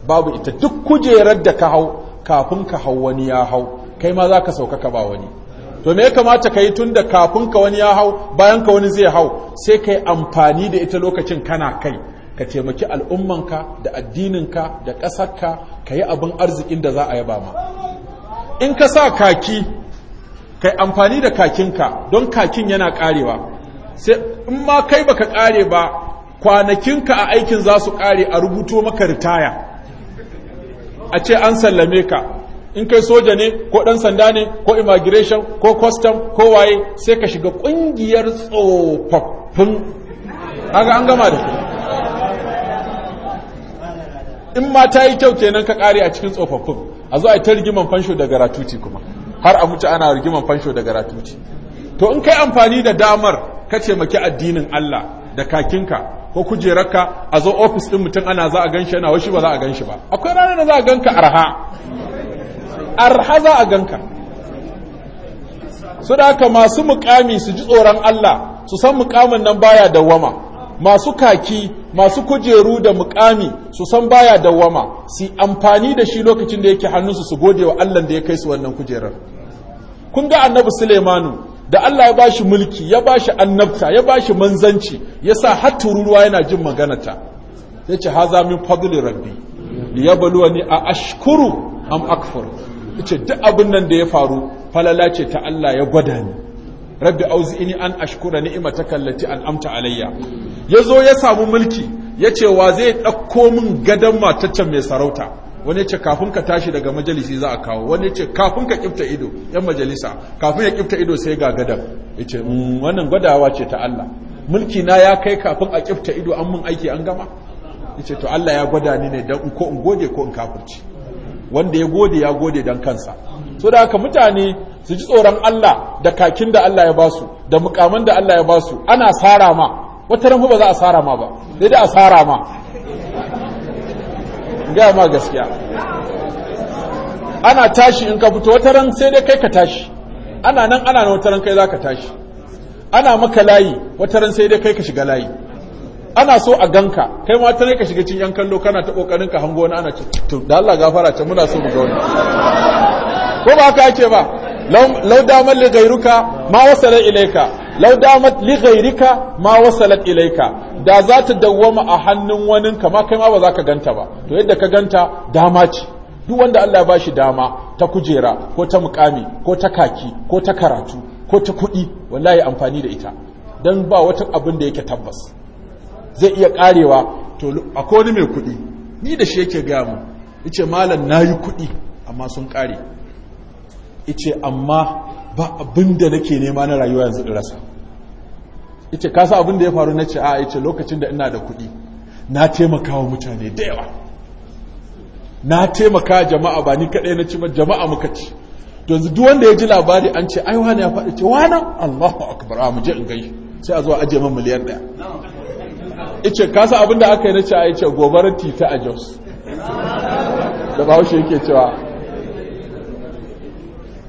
babu ita duk kujerar da ka hau kafin ka hau wani ya hau kai ma za ka saukaka ba wani to me ya kamata ka yi tun da kafin ka wani ya hau bayan ka wani zai hau sai ka yi amfani da ita lokacin kana kai ka taimaki al'ummanka da addininka da ƙasarka ka yi abin arzikin da za a yaba ma in ka sa kaki kai amfani da kakinka don kakin yana ƙarewa sai in ma kai baka ƙare ba kwanakinka a aikin za su ƙare a rubuto maka ritaya a ce an sallame ka in kai soja ne ko ɗan sanda ne ko immigration ko custom ko waye sai ka shiga ƙungiyar tsofaffin haka an gama da ku in ma ta yi kyau kenan ka kare a cikin tsofaffin a zo a yi ta rigiman fansho da garatuti kuma har a mutu ana rigiman fansho da garatuti to in kai amfani da damar ka ce maki addinin Allah da kakinka ko kujerarka a zo ofis ɗin mutum ana za a gan shi yana washi ba za a gan ba akwai ranar da za a gan ka arha arhaza za a ganka su haka masu mukami su ji tsoron Allah su san mukamin nan baya dawwama masu kaki masu kujeru da mukami su san baya dawwama su amfani da shi lokacin da yake hannunsu su gode wa Allah da ya kai su wannan kujerar kun ga annabi Sulaimanu da Allah ya bashi mulki ya bashi annabta ya bashi manzanci yasa har tururuwa yana jin maganata yace haza min fadli rabbi liyabluwani a ashkuru am akfur ce duk abin nan da ya faru falala ce ta Allah ya gwada ni rabbi ini an ashkura ni'mataka allati an'amta alayya yazo ya samu mulki yace wa zai dauko min gadan mataccen mai sarauta wani yace kafin ka tashi daga majalisi za a kawo wani yace kafin ka kifta ido yan majalisa kafin ya kifta ido sai ga gadan yace mm, wannan gwadawa ce ta Allah mulki na ya kai kafin a kifta ido an mun aiki an gama yace to Allah ya gwada ni ne dan ko in gode ko in kafirci wanda ya gode ya gode don kansa so da haka mutane su ji tsoron Allah da kakin da Allah ya basu da mukaman da Allah ya basu ana sara ma wata ran ba za a sara ma ba sai da a sara ma ga ma gaskiya ana tashi in ka fito wata ran sai dai kai ka tashi ana nan ana nan wata ran kai za ka tashi ana maka layi wata ran sai dai kai ka shiga layi ana so a ganka kai ma ta ne ka shiga cin yan kallo kana ta kokarin ka hango wani ana ce to da Allah gafara ce muna so mu ga wani ko ba ka yake ba law damat li ghayruka ma wasala ilayka law damat li ghayrika ma wasalat ilayka da za ta dawwama a hannun wani kama kai ma ba za ka ganta ba to yadda ka ganta dama ce duk wanda Allah ya shi dama ta kujera ko ta mukami ko ta kaki ko ta karatu ko ta kuɗi wallahi amfani da ita dan ba wata abin da yake tabbas zai iya karewa to akwai wani mai kuɗi ni da shi yake gaya mu yace malam nayi kuɗi amma sun kare yace amma ba abinda nake nema na rayuwa yanzu da rasa yace ka sa abinda ya faru nace a yace lokacin da ina da kuɗi na taimaka wa mutane da yawa na taimaka jama'a ba ni kadai na ci ba jama'a muka ci to yanzu duk wanda ya ji labari an ce ai wani ya faɗi ce wani Allahu akbar mu je in gai sai a zo aje min miliyan ɗaya ice kasa abinda aka yi na ce a ice gobarar tita a jos da bahaushe yake cewa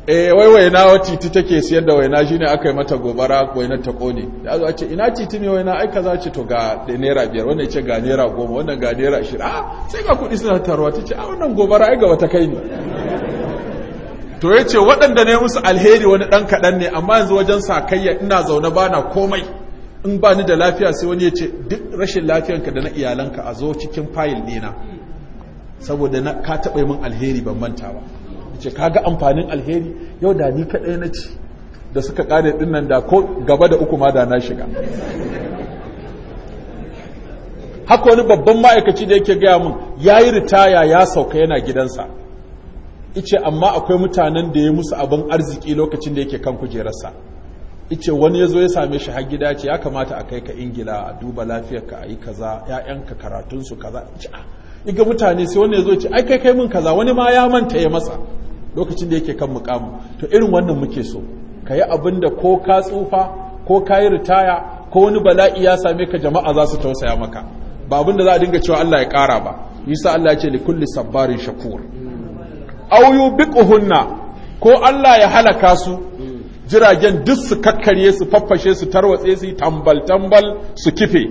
e eh, waiwai na wa titi take siyar da waina shine aka yi mata gobara waina ta kone ya zuwa ce ina titi ne waina aika za ce to ga naira biyar wannan ce ga naira goma wannan ga naira ashirin a ah, sai ga kudi suna tarwa ta ce a ah, wannan gobara aika wata kai ne to ya ce waɗanda ne musu alheri wani ɗan kaɗan ne amma yanzu wajen sakayya ina zaune bana komai in ba ni da lafiya sai wani ya ce duk rashin lafiyanka da na iyalanka a zo cikin fayil ɗina saboda ka taɓa min alheri ban manta ba ce ka ga amfanin alheri yau da ni kaɗai na ci da suka ƙare ɗinnan da ko gaba da uku ma da na shiga haka wani babban ma'aikaci da yake gaya min ya yi ritaya ya sauka yana gidansa ice amma akwai mutanen da ya musu abin arziki lokacin da yake kan kujerarsa ice wani ya zo ya same shi har gida ce ya kamata a kai ka ingila a duba lafiyarka a yi kaza ‘ya'yanka karatunsu kaza ah, iga mutane sai wani ya zo ce ai kai kai mun kaza wani ma ya manta ya masa lokacin da yake kan mukamu to irin wannan muke so ka yi abin da ko ka tsufa ko ka yi ritaya ko wani bala'i ya same ka jama'a za su tausaya maka ba abin da za a dinga cewa Allah ya kara ba yasa Allah ya ce likulli sabbarin shakur aw yubiquhunna ko Allah ya halaka su jiragen duk su kakkarye su faffashe su tarwatse su tambal-tambal su kife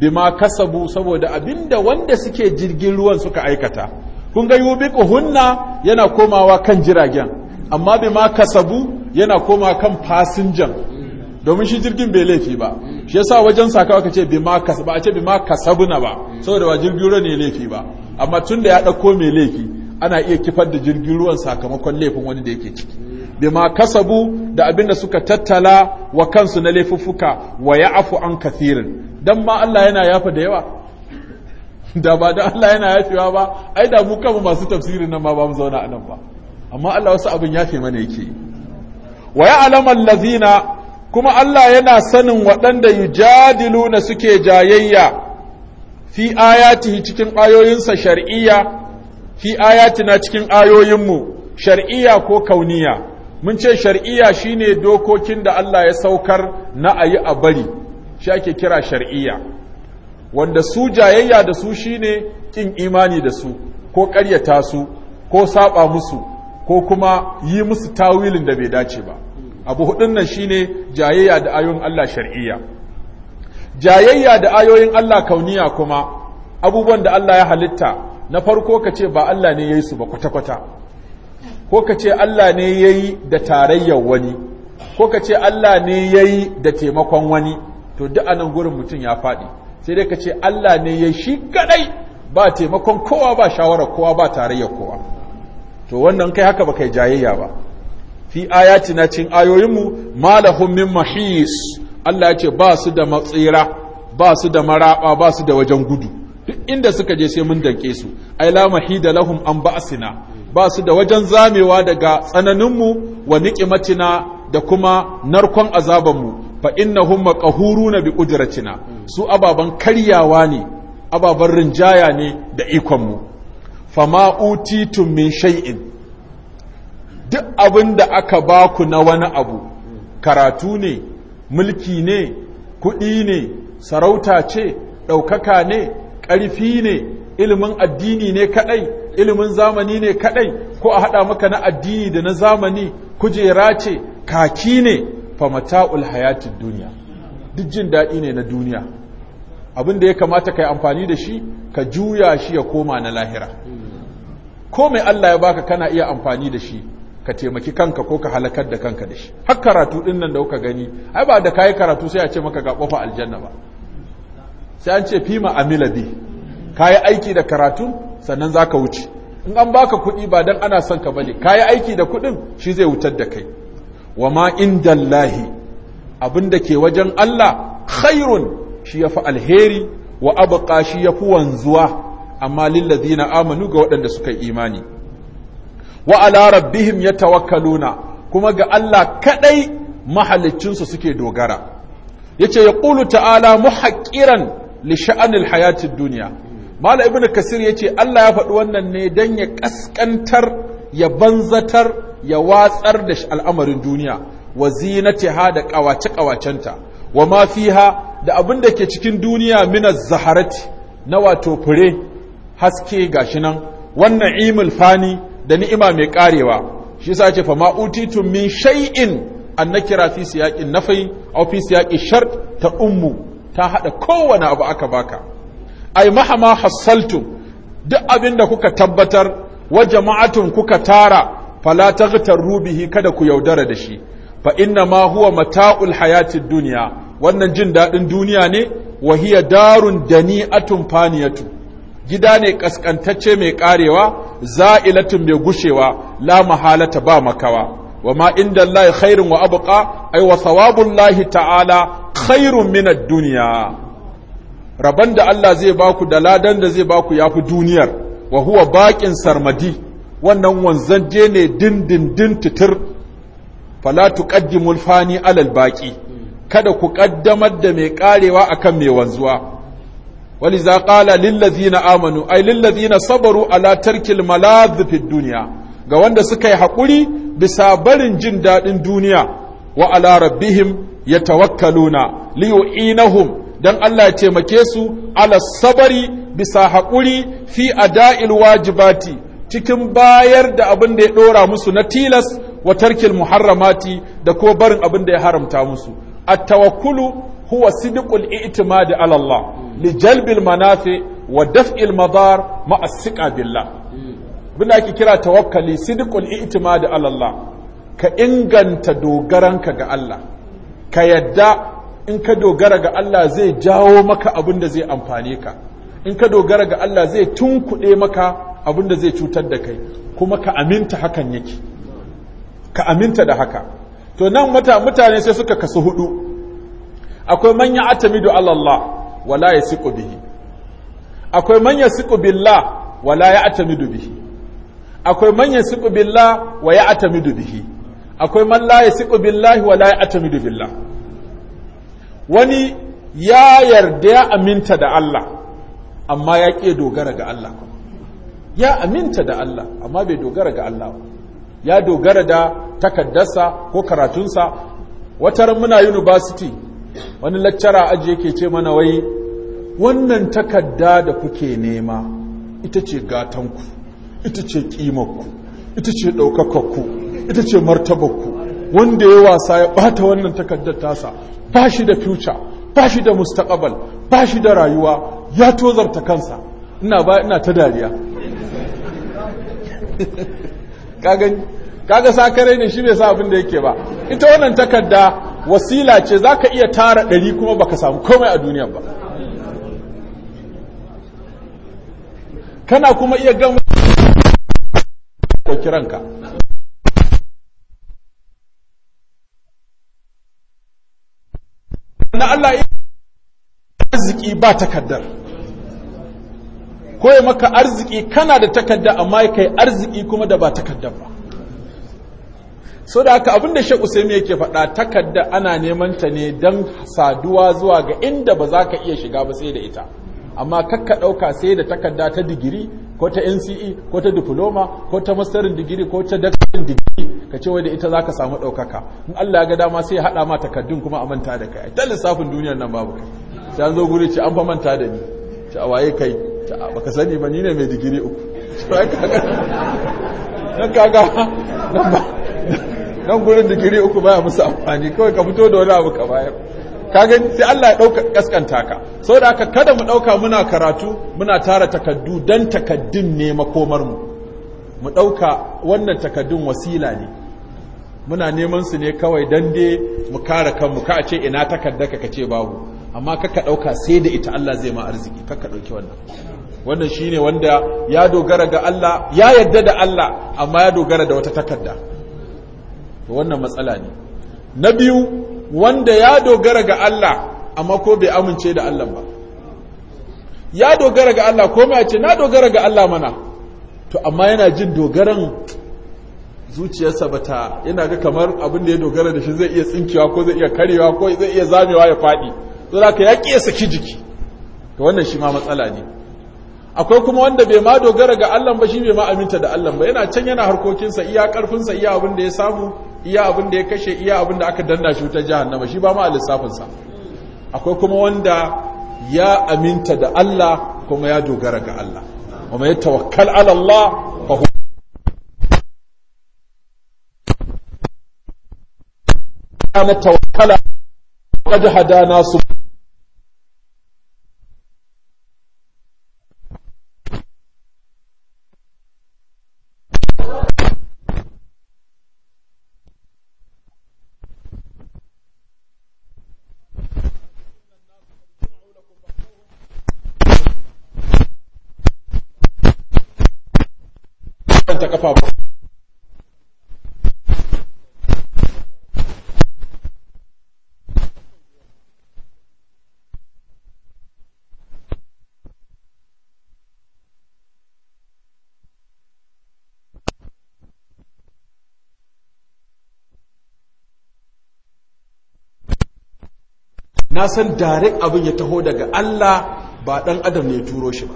bima kasabu saboda abinda wanda suke jirgin ruwan suka aikata kun ga yubiku hunna yana komawa kan jiragen amma bima kasabu yana koma kan fasinjan domin shi jirgin bai laifi ba shi yasa wajen sakawa ka ce bima kasabu a ce bima kasabuna ba saboda ba jirgin ruwa ne laifi ba amma tunda ya dauko mai laifi ana iya kifar da jirgin ruwan sakamakon laifin wani da yake ciki bima kasabu da abin da suka tattala wa kansu na laifuffuka wa ya'fu an kathirin dan ma Allah yana yafa da yawa da ba da Allah yana yafewa ba ai da mu kanmu masu tafsirin nan ma ba mu zauna anan ba amma Allah wasu abin yafe mana yake wa ya'lamu allazina kuma Allah yana sanin waɗanda na suke jayayya fi ayatihi cikin ayoyinsa shar'iyya fi ayatina cikin ayoyinmu shar'iyya ko kauniya mun ce shar'iyya shine dokokin da Allah ya saukar na ayi a bari shi ake kira shar'iyya wanda su jayayya da su shine kin imani da su ko ƙaryata su ko saba musu ko kuma yi musu tawilin da bai dace ba abu hudun nan shine jayayya da ayoyin Allah shar'iyya jayayya da ayoyin Allah kauniya kuma abubuwan da Allah ya halitta na farko ka ce ba Allah ne ya yi su ba kwata-kwata ko ka ce Allah ne ya yi da tarayyar wani ko ka ce Allah ne ya yi da taimakon wani to duk anan gurin mutum ya faɗi sai dai ka ce Allah ne ya shi kadai ba taimakon kowa ba shawarar kowa ba tarayyar kowa to wannan kai haka ba kai jayayya ba fi na cin mu, malahum min mahis Allah ya ce ba su da matsira ba su da maraba ba su da wajen gudu duk inda suka je sai mun danke su ai la mahida lahum an ba'sina ba su da wajen zamewa daga tsananinmu wa matina da kuma narkon azabanmu fa innahum na bi qudratina su ababen karyawa ne ababan rinjaya ne da ikonmu fama utitum min shai'in. duk abin da aka ku na wani abu karatu ne mulki ne kuɗi ne sarauta ce ɗaukaka ne ƙarfi ne ilimin addini ne kaɗai ilimin zamani ne kadai ko a hada maka na addini da na zamani kujera ce kaki ne fa mata'ul duniya. dunya duk jin daɗi ne na duniya abin da ya kamata ka yi amfani da shi ka juya shi ya koma na lahira ko mai Allah ya baka kana iya amfani da shi ka taimaki kanka ko ka halakar da kanka da shi har karatu din nan da kuka gani ai ba da kai karatu sai a ce maka ga kofa aljanna ba sai an ce fima amila bi kayi aiki da karatun sannan za ka wuce in an baka kuɗi ba don ana son ka bane ka yi aiki da kuɗin shi zai wutar da kai wa ma inda lahi abin da ke wajen Allah khairun shi ya fi alheri wa abuƙa shi ya fi wanzuwa amma zina, amanu ga waɗanda suka yi imani wa ala ya tawakaluna kuma ga Allah kaɗai mahaliccinsu suke dogara yace ya ƙulu ta'ala muhaqqiran li sha'anil hayatin duniya. mala ibnu kasir ya ce Allah ya faɗi wannan ne don ya ƙasƙantar ya banzatar ya watsar da al'amarin duniya wa zinatiha da ƙawace-ƙawacenta wa ma ha da abin da ke cikin duniya mina zaharati na wato fure haske gashi nan wannan imul fani da ni'ima mai ƙarewa. shi yasa ce fa ma utitum min shay'in kira fi siyaqin nafai aw fi siyaƙi shart ta ummu ta haɗa kowane abu aka baka ai mahama hassaltum duk abin da kuka tabbatar wa jama'atun kuka tara fala taghtaru rubihi kada ku yaudara da shi fa inna ma huwa mata'ul hayatid dunya wannan jin dadin duniya ne wa hiya darun dani'atun faniyatu gida ne kaskantacce mai karewa za'ilatun mai gushewa la mahalata ba makawa wa ma inda Allah khairun wa abqa ay wa thawabullahi ta'ala khairun mina duniya. dunya rabon da Allah zai ba ku da ladan da zai ba ku ya fi duniyar wa huwa sarmadi wannan wanzan je ne dindindin titir fala tuqaddimul fani alal baƙi. kada ku ƙaddamar da mai karewa akan mai wanzuwa za qala lil na amanu ay lil na sabaru ala tarkil maladh Duniya. ga wanda suka yi hakuri bisa barin jin daɗin duniya wa ala rabbihim yatawakkaluna liyu'inahum don Allah ya taimake su ala sabari bisa haƙuri fi ada'il wajibati cikin bayar da abin da ya ɗora musu na tilas wa tarkil muharramati da ko barin abin da ya haramta musu at tawakkulu huwa sidqul i'timadi ala Allah li jalbil manafi wa daf'il madar ma as-siqa billah bin ake kira tawakkali sidqul itimadi ala Allah ka inganta dogaranka ga Allah ka yadda in ka dogara ga Allah zai jawo maka abin da zai amfane ka in ka dogara ga Allah zai tunkuɗe maka abin da zai cutar da kai kuma ka aminta hakan yake ka aminta da haka to nan mutane sai suka kasu hudu akwai manya atamidu Allah wala ya siku bihi akwai manya siku billah wala ya atamidu bihi akwai manya siku billah wa atamidu bihi akwai man la siku billahi wala atamidu billah wani ya yarda ya aminta da Allah amma ya ƙi dogara ga Allah ya aminta da Allah amma bai dogara ga Allah ya dogara da takaddarsa ko karatunsa watar muna university wani laccara aji yake ce mana wai wannan takadda da kuke nema ita ce gatanku ita ce ƙimarku ita ce ɗaukakakku ita ce martabarku wanda ya wasa ya bata wannan takardar tasa ba shi da future ba shi da mustaqbal ba shi da rayuwa ya tozarta kansa ina ba ina ta dariya kaga sakare ne shi bai sa abin da yake ba ita wannan takarda wasila ce zaka iya tara ɗari kuma baka samu komai a duniya ba kana kuma iya gama ɗauki ka. na Allah arziki ba takaddar koya maka arziki kana da takadda amma kai arziki kuma da ba takaddar ba so da haka abinda Sheikh Usaimi yake faɗa takadda ana neman ta ne don saduwa zuwa ga inda ba za ka iya shiga ba sai da ita amma kakka ɗauka sai da takarda ta digiri ko ta nce ko ta diploma ko ta masterin digiri ko ta dakarin digiri ka ce wai da ita za ka samu ɗaukaka in allah ya ga dama sai ya haɗa ma takardun kuma a manta da kai ta lissafin duniyar nan babu kai sai an zo guri ce an fa manta da ni ce a waye kai ka sani ba ni ne mai digiri uku nan kaga nan gurin digiri uku baya musu amfani kawai ka fito da wani abu ka bayar ka gani sai Allah ya dauka kaskanta ka saboda haka kada mu dauka muna karatu muna tara takaddu dan takaddun ne makomar mu mu dauka wannan takaddun wasila ne muna neman su ne kawai dan dai mu kare kanmu ka ce ina takadda ka kace babu amma kaka dauka sai da ita Allah zai ma arziki kaka dauki wannan wannan shine wanda ya dogara ga Allah ya yadda da Allah amma ya dogara da wata takadda wannan matsala ne na biyu wanda ya dogara ga Allah amma ko bai amince da Allah ba ya dogara ga Allah ko ya ce na dogara ga Allah mana to amma yana jin dogaran zuciyarsa bata yana ga kamar abin da ya dogara da shi zai iya tsinkewa ko zai iya karewa ko zai iya zamewa ya fadi to zaka ya kiya saki jiki to wannan shi ma matsala ne akwai kuma wanda bai ma dogara ga Allah ba shi bai ma aminta da Allah ba yana can yana harkokinsa iya karfinsa iya abin da ya samu iya abin da ya kashe iya abin da aka danna shi wutar jahannama shi ba ma a lissafinsa akwai kuma wanda ya aminta da Allah kuma ya dogara ga Allah kuma ya tawakkal ala Allah fa huwa ana tawakkala qad hadana subhanahu na san direct abin ya taho daga Allah ba dan adam ne ya turo shi ba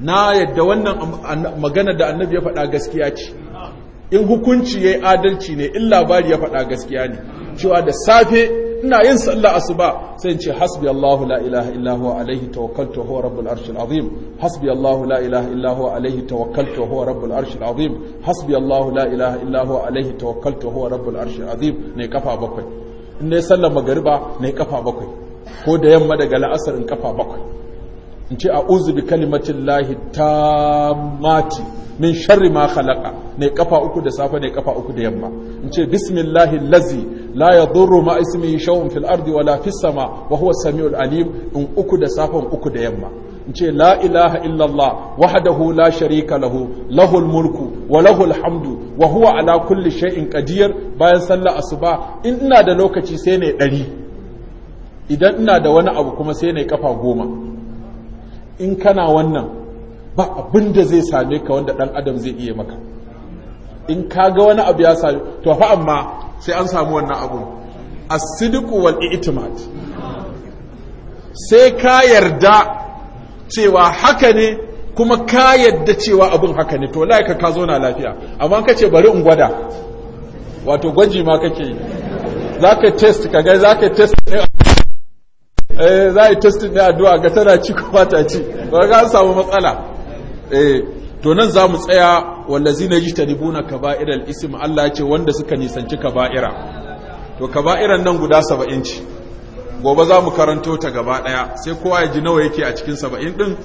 na yadda wannan magana da annabi ya faɗa gaskiya ce in hukunci yayi adalci ne in labari ya faɗa gaskiya ne cewa da safe ina yin sallah asuba sai in ce hasbi Allahu la ilaha illa huwa alaihi tawakkaltu huwa rabbul arshil azim hasbi Allahu la ilaha illa huwa alaihi tawakkaltu huwa rabbul arshil azim hasbi Allahu la ilaha illa huwa alaihi tawakkaltu huwa rabbul arshil azim ne kafa bakwai in na sallar magariba na yi kafa bakwai ko da yamma daga la'asar in kafa bakwai in ce a uzu bi kalimacin lahi ta mati min sharri ma Na yi kafa uku da safe yi kafa uku da yamma in ce bismillahi lazi la zurro ma ismihi shawun fil ardi wala fis sama wa huwa samiul alim in uku da safe uku da yamma in ce la ilaha illallah wahdahu la sharika lahu lahul mulku wa lahul hamdu wa huwa ala kulli shay'in qadir bayan sallar asuba ina da lokaci sai ne 100 idan ina da wani abu kuma sai ne kafa goma in kana wannan ba abin da zai same ka wanda dan adam zai iya maka in ka ga wani abu ya same to fa amma sai an samu wannan abun as-sidqu wal i'timad sai ka yarda cewa haka ne kuma ka yadda cewa abin haka ne to laika ka zo na lafiya amma ka ce bari in gwada wato gwaji ma kake yi za ka test ka gai za ka test eh za yi test ne addu'a ga tana ci ko ba ta ci ba ga an samu matsala eh to nan za mu tsaya wallazina yajtanibuna kaba'iral ism Allah ce wanda suka nisanci kaba'ira to kaba'iran nan guda 70 ci. gobe za mu karanto ta gaba ɗaya sai kowa ya ji nawa yake a cikin saba'in ɗin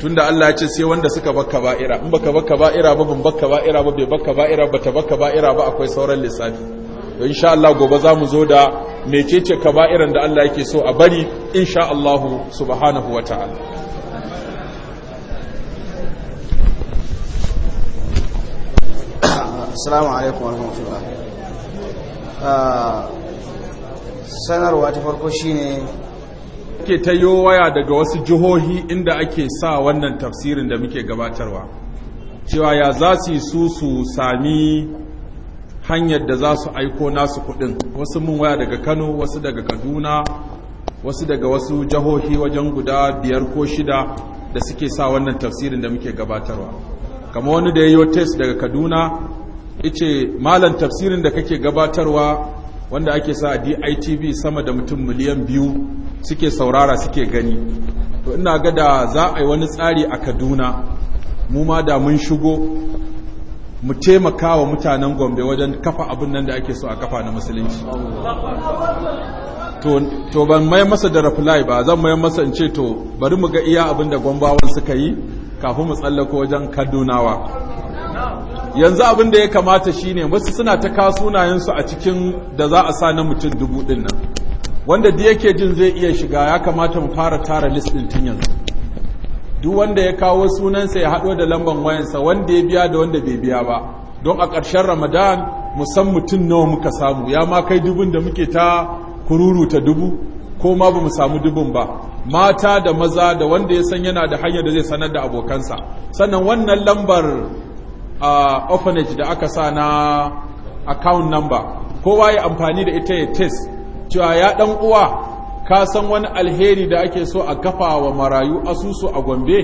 tunda Allah ya ce sai wanda suka bakka ba'ira in baka bakka ba'ira ba ban bakka ba'ira ba bai bakka ba'ira ba ta bakka ba'ira ba akwai sauran lissafi to insha Allah gobe za mu zo da mecece ba'iran da Allah yake so a bari insha Allah subhanahu wa ta'ala Assalamu alaikum barakatuh uh, sanarwa ta farko shine ake ta yi waya daga wasu jihohi inda ake sa wannan tafsirin da muke gabatarwa cewa ya za su yi su su sami hanyar da za su aiko nasu kudin wasu mun waya daga kano wasu daga kaduna wasu daga wasu jihohi wajen guda biyar ko shida da suke sa wannan tafsirin da muke gabatarwa kama wani da ya yi test daga kaduna ice malam tafsirin da kake gabatarwa wanda ake sa a DITV sama da mutum miliyan biyu suke saurara suke gani to ina ga da za a yi wani tsari a Kaduna mu ma da mun shigo mu taimaka wa mutanen Gombe wajen kafa abin nan da ake so a kafa na musulunci to ban mai masa da reply ba zan mai masa in ce to bari mu ga iya abin da Gombawan suka yi kafin mu tsallako wajen Kadunawa yanzu abin da ya kamata shine wasu suna ta kasunayensu a cikin da za a sa na mutum dubu ɗin nan wanda da yake jin zai iya shiga ya kamata mu fara tara listin ɗin tun yanzu duk wanda ya kawo sunansa ya haɗo da lambar wayansa wanda ya biya da wanda bai biya ba don a ƙarshen ramadan mu san mutum nawa muka samu ya ma kai dubun da muke ta kururu ta dubu ko ma ba mu samu dubun ba mata da maza da wanda ya san yana da hanyar da zai sanar da abokansa sannan wannan lambar orphanage da aka sa na account number kowa ya amfani da ita ya test cewa ya dan uwa ka san wani alheri da ake so a gafa wa marayu asusu a gombe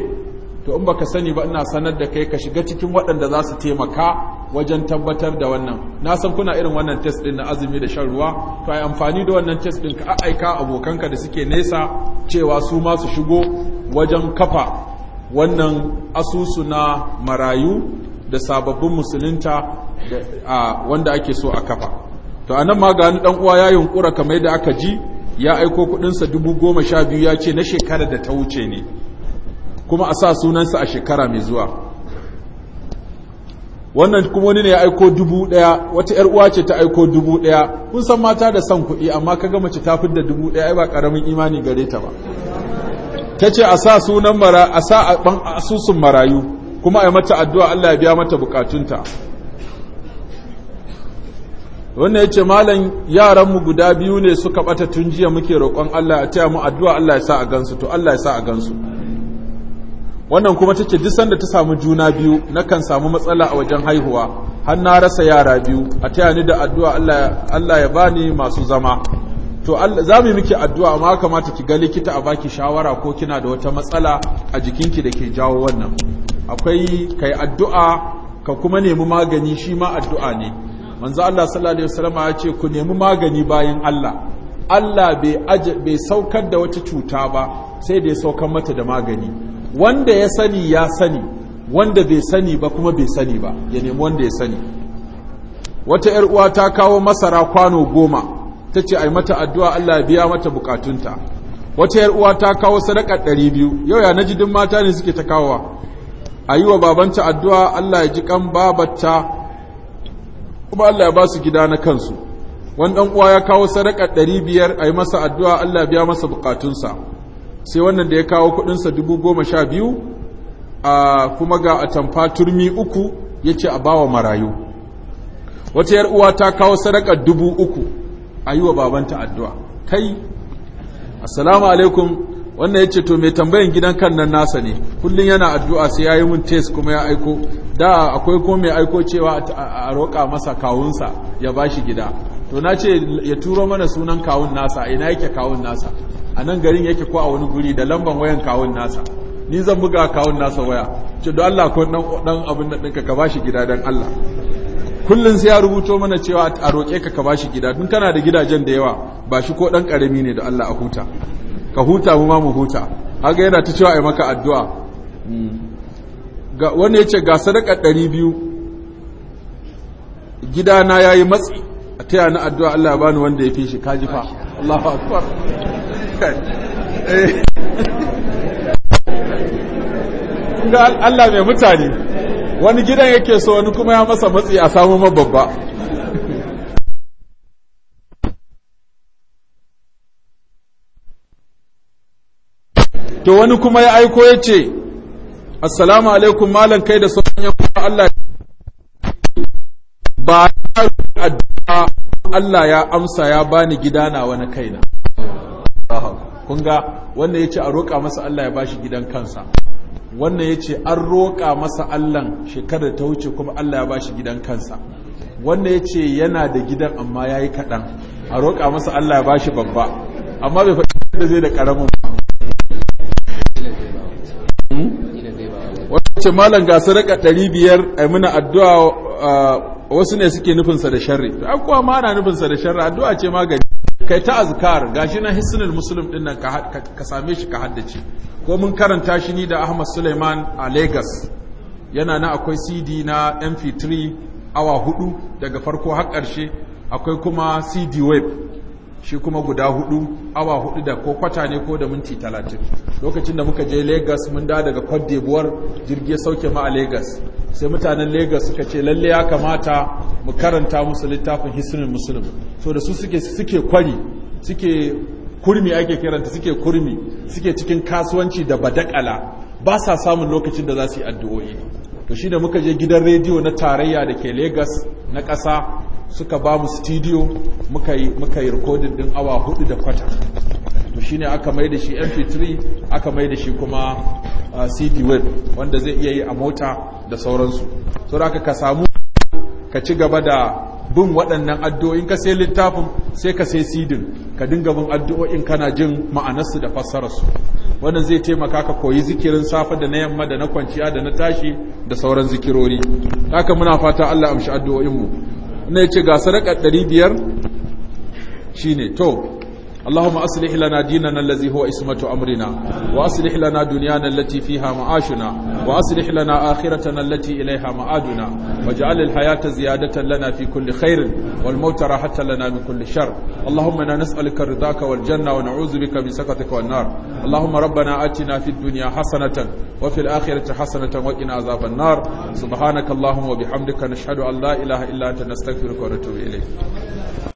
to in baka sani ba ina sanar da kai ka shiga cikin waɗanda za su taimaka wajen tabbatar da wannan na san kuna irin wannan test din na azumi da shan ruwa to ai amfani da wannan test din ka aika abokanka da suke nesa cewa su ma su shigo wajen kafa wannan asusu na marayu da sababbin musulunta wanda ake so a kafa to anan ma ga ɗan dan uwa ya yunkura kamar yadda aka ji ya aiko kudinsa dubu goma sha biyu ya ce na shekara da ta wuce ne kuma a sa sunansa a shekara mai zuwa wannan kuma wani ne ya aiko dubu ɗaya. wata yar uwa ce ta aiko dubu ɗaya, kun san mata da son kuɗi amma ka ga mace ta da dubu ɗaya, ai ba karamin imani gare ta ba ta ce a sa sunan mara a sa asusun marayu kuma a mata addu'a Allah ya biya mata bukatunta wannan ya ce malam yaranmu guda biyu ne suka bata tun jiya muke roƙon Allah a taya mu addu'a Allah ya sa a gansu to Allah ya sa a gansu wannan kuma ta ce disan da ta samu juna biyu na kan samu matsala a wajen haihuwa har na rasa yara biyu a taya ni da addu'a Allah ya bani masu zama to za mu yi muke addu'a amma kamata ki ga likita a baki shawara ko kina da wata matsala a jikinki da ke jawo wannan akwai kai addu'a ka kuma nemi magani shi ma addu'a ne manzo Allah sallallahu alaihi wasallam ya ce ku nemi magani bayan Allah Allah bai saukar da wata cuta ba sai da ya saukar mata da magani wanda ya sani ya sani wanda bai sani ba kuma bai sani ba ya nemi wanda ya sani wata ‘yar uwa ta kawo masara kwano goma ta ce ai mata addu'a Allah biya mata bukatunta wata ‘yar uwa ta kawo sadaka ɗari biyu yau ya naji duk mata ne suke ta kawowa a yi wa babanta addu'a Allah ya ji kan babata kuma Allah ya ba su gida na kansu wani ɗan uwa ya kawo sadaka ɗari biyar a yi masa addu'a Allah ya biya masa bukatunsa sai wannan da ya kawo sa dubu goma sha biyu a kuma ga a tamfa turmi uku ya ce a bawa marayu wata ‘yar uwa ta kawo sadaka dubu uku a yi wa babanta addu'a kai assalamu alaikum wannan yace to mai tambayan gidan kan nan nasa ne kullun yana addu'a sai yayi mun test kuma ya aiko da akwai ko mai aiko cewa a roƙa masa kawunsa ya bashi gida to na ce ya turo mana sunan kawun nasa ina yake kawun nasa a nan garin yake ko a wani guri da lamban wayan kawun nasa ni zan buga kawun nasa waya ce don Allah ko dan abin da ɗinka ka bashi gida don Allah kullum sai ya rubuto mana cewa a roƙe ka ka bashi gida dun kana da gidajen da yawa ba shi ko ɗan ƙarami ne da Allah a huta ka huta mu ma mu huta haka yana ta cewa yi maka addu'a wanda ya ce ga sadaka na gidana yi matsi a taya na addu'a Allah ya bani wanda ya fi shi kaji fa Allahu akbar eh. ga Allah mai mutane wani gidan yake so wani kuma ya masa matsi a samu mababba to wani kuma ya aiko ya ce assalamu alaikum malam kai da sauran yan kuma Allah ba addu'a Allah ya amsa ya bani gida na wani kaina kun ga wannan yace a roƙa masa Allah ya bashi gidan kansa wannan yace an roƙa masa Allah shekarar ta wuce kuma Allah ya bashi gidan kansa wannan yace yana da gidan amma yayi kaɗan a roƙa masa Allah ya bashi babba amma bai faɗi da zai da ƙaramin ce malam ga sadaka biyar a muna addu'a wasu ne suke nufinsa da sharri an kuwa ma ana nufinsa da sharri addu'a ce magani kai ta azkar shi na hisnul muslim din nan ka same shi ka haddace ko mun karanta shi ni da Ahmad Suleiman a Lagos yana na akwai CD na MP3 awa hudu daga farko har karshe akwai kuma CD wave shi kuma guda hudu awa hudu da ko kwata ne ko da minti talatin lokacin da muka je Legas mun da daga kwadebuwar jirgin jirgi sauke ma a Legas, sai mutanen Legas suka ce lalle ya kamata mu karanta musu littafin hisnin musulun so da su suke suke kwari suke kurmi ake kiranta suke kurmi suke cikin kasuwanci da badakala ba sa samun lokacin da za su yi addu'o'i to shi da muka je gidan rediyo na tarayya da ke Legas na ƙasa suka ba mu studio muka yi muka recording din awa hudu da kwata to shine aka mai da shi mp3 aka mai da shi kuma uh, cd web wanda zai iya yi a mota da sauransu so da ka samu ka ci gaba da bin waɗannan addu'o'in ka sai littafin sai ka sai sidin ka dinga bin addu'o'in kana jin ma'anarsu da fassararsu wannan zai taimaka ka koyi zikirin safa da na yamma da na kwanciya da na tashi da sauran zikirori haka muna fata Allah amshi addu'o'inmu na ce ga sadaka 500 shine to اللهم أصلح لنا ديننا الذي هو اسمة أمرنا وأصلح لنا دنيانا التي فيها معاشنا وأصلح لنا آخرتنا التي إليها معادنا واجعل الحياة زيادة لنا في كل خير والموت راحة لنا من كل شر اللهم إنا نسألك رضاك والجنة ونعوذ بك من سخطك والنار اللهم ربنا آتنا في الدنيا حسنة وفي الآخرة حسنة وقنا عذاب النار سبحانك اللهم وبحمدك نشهد أن لا إله إلا أنت نستغفرك ونتوب إليك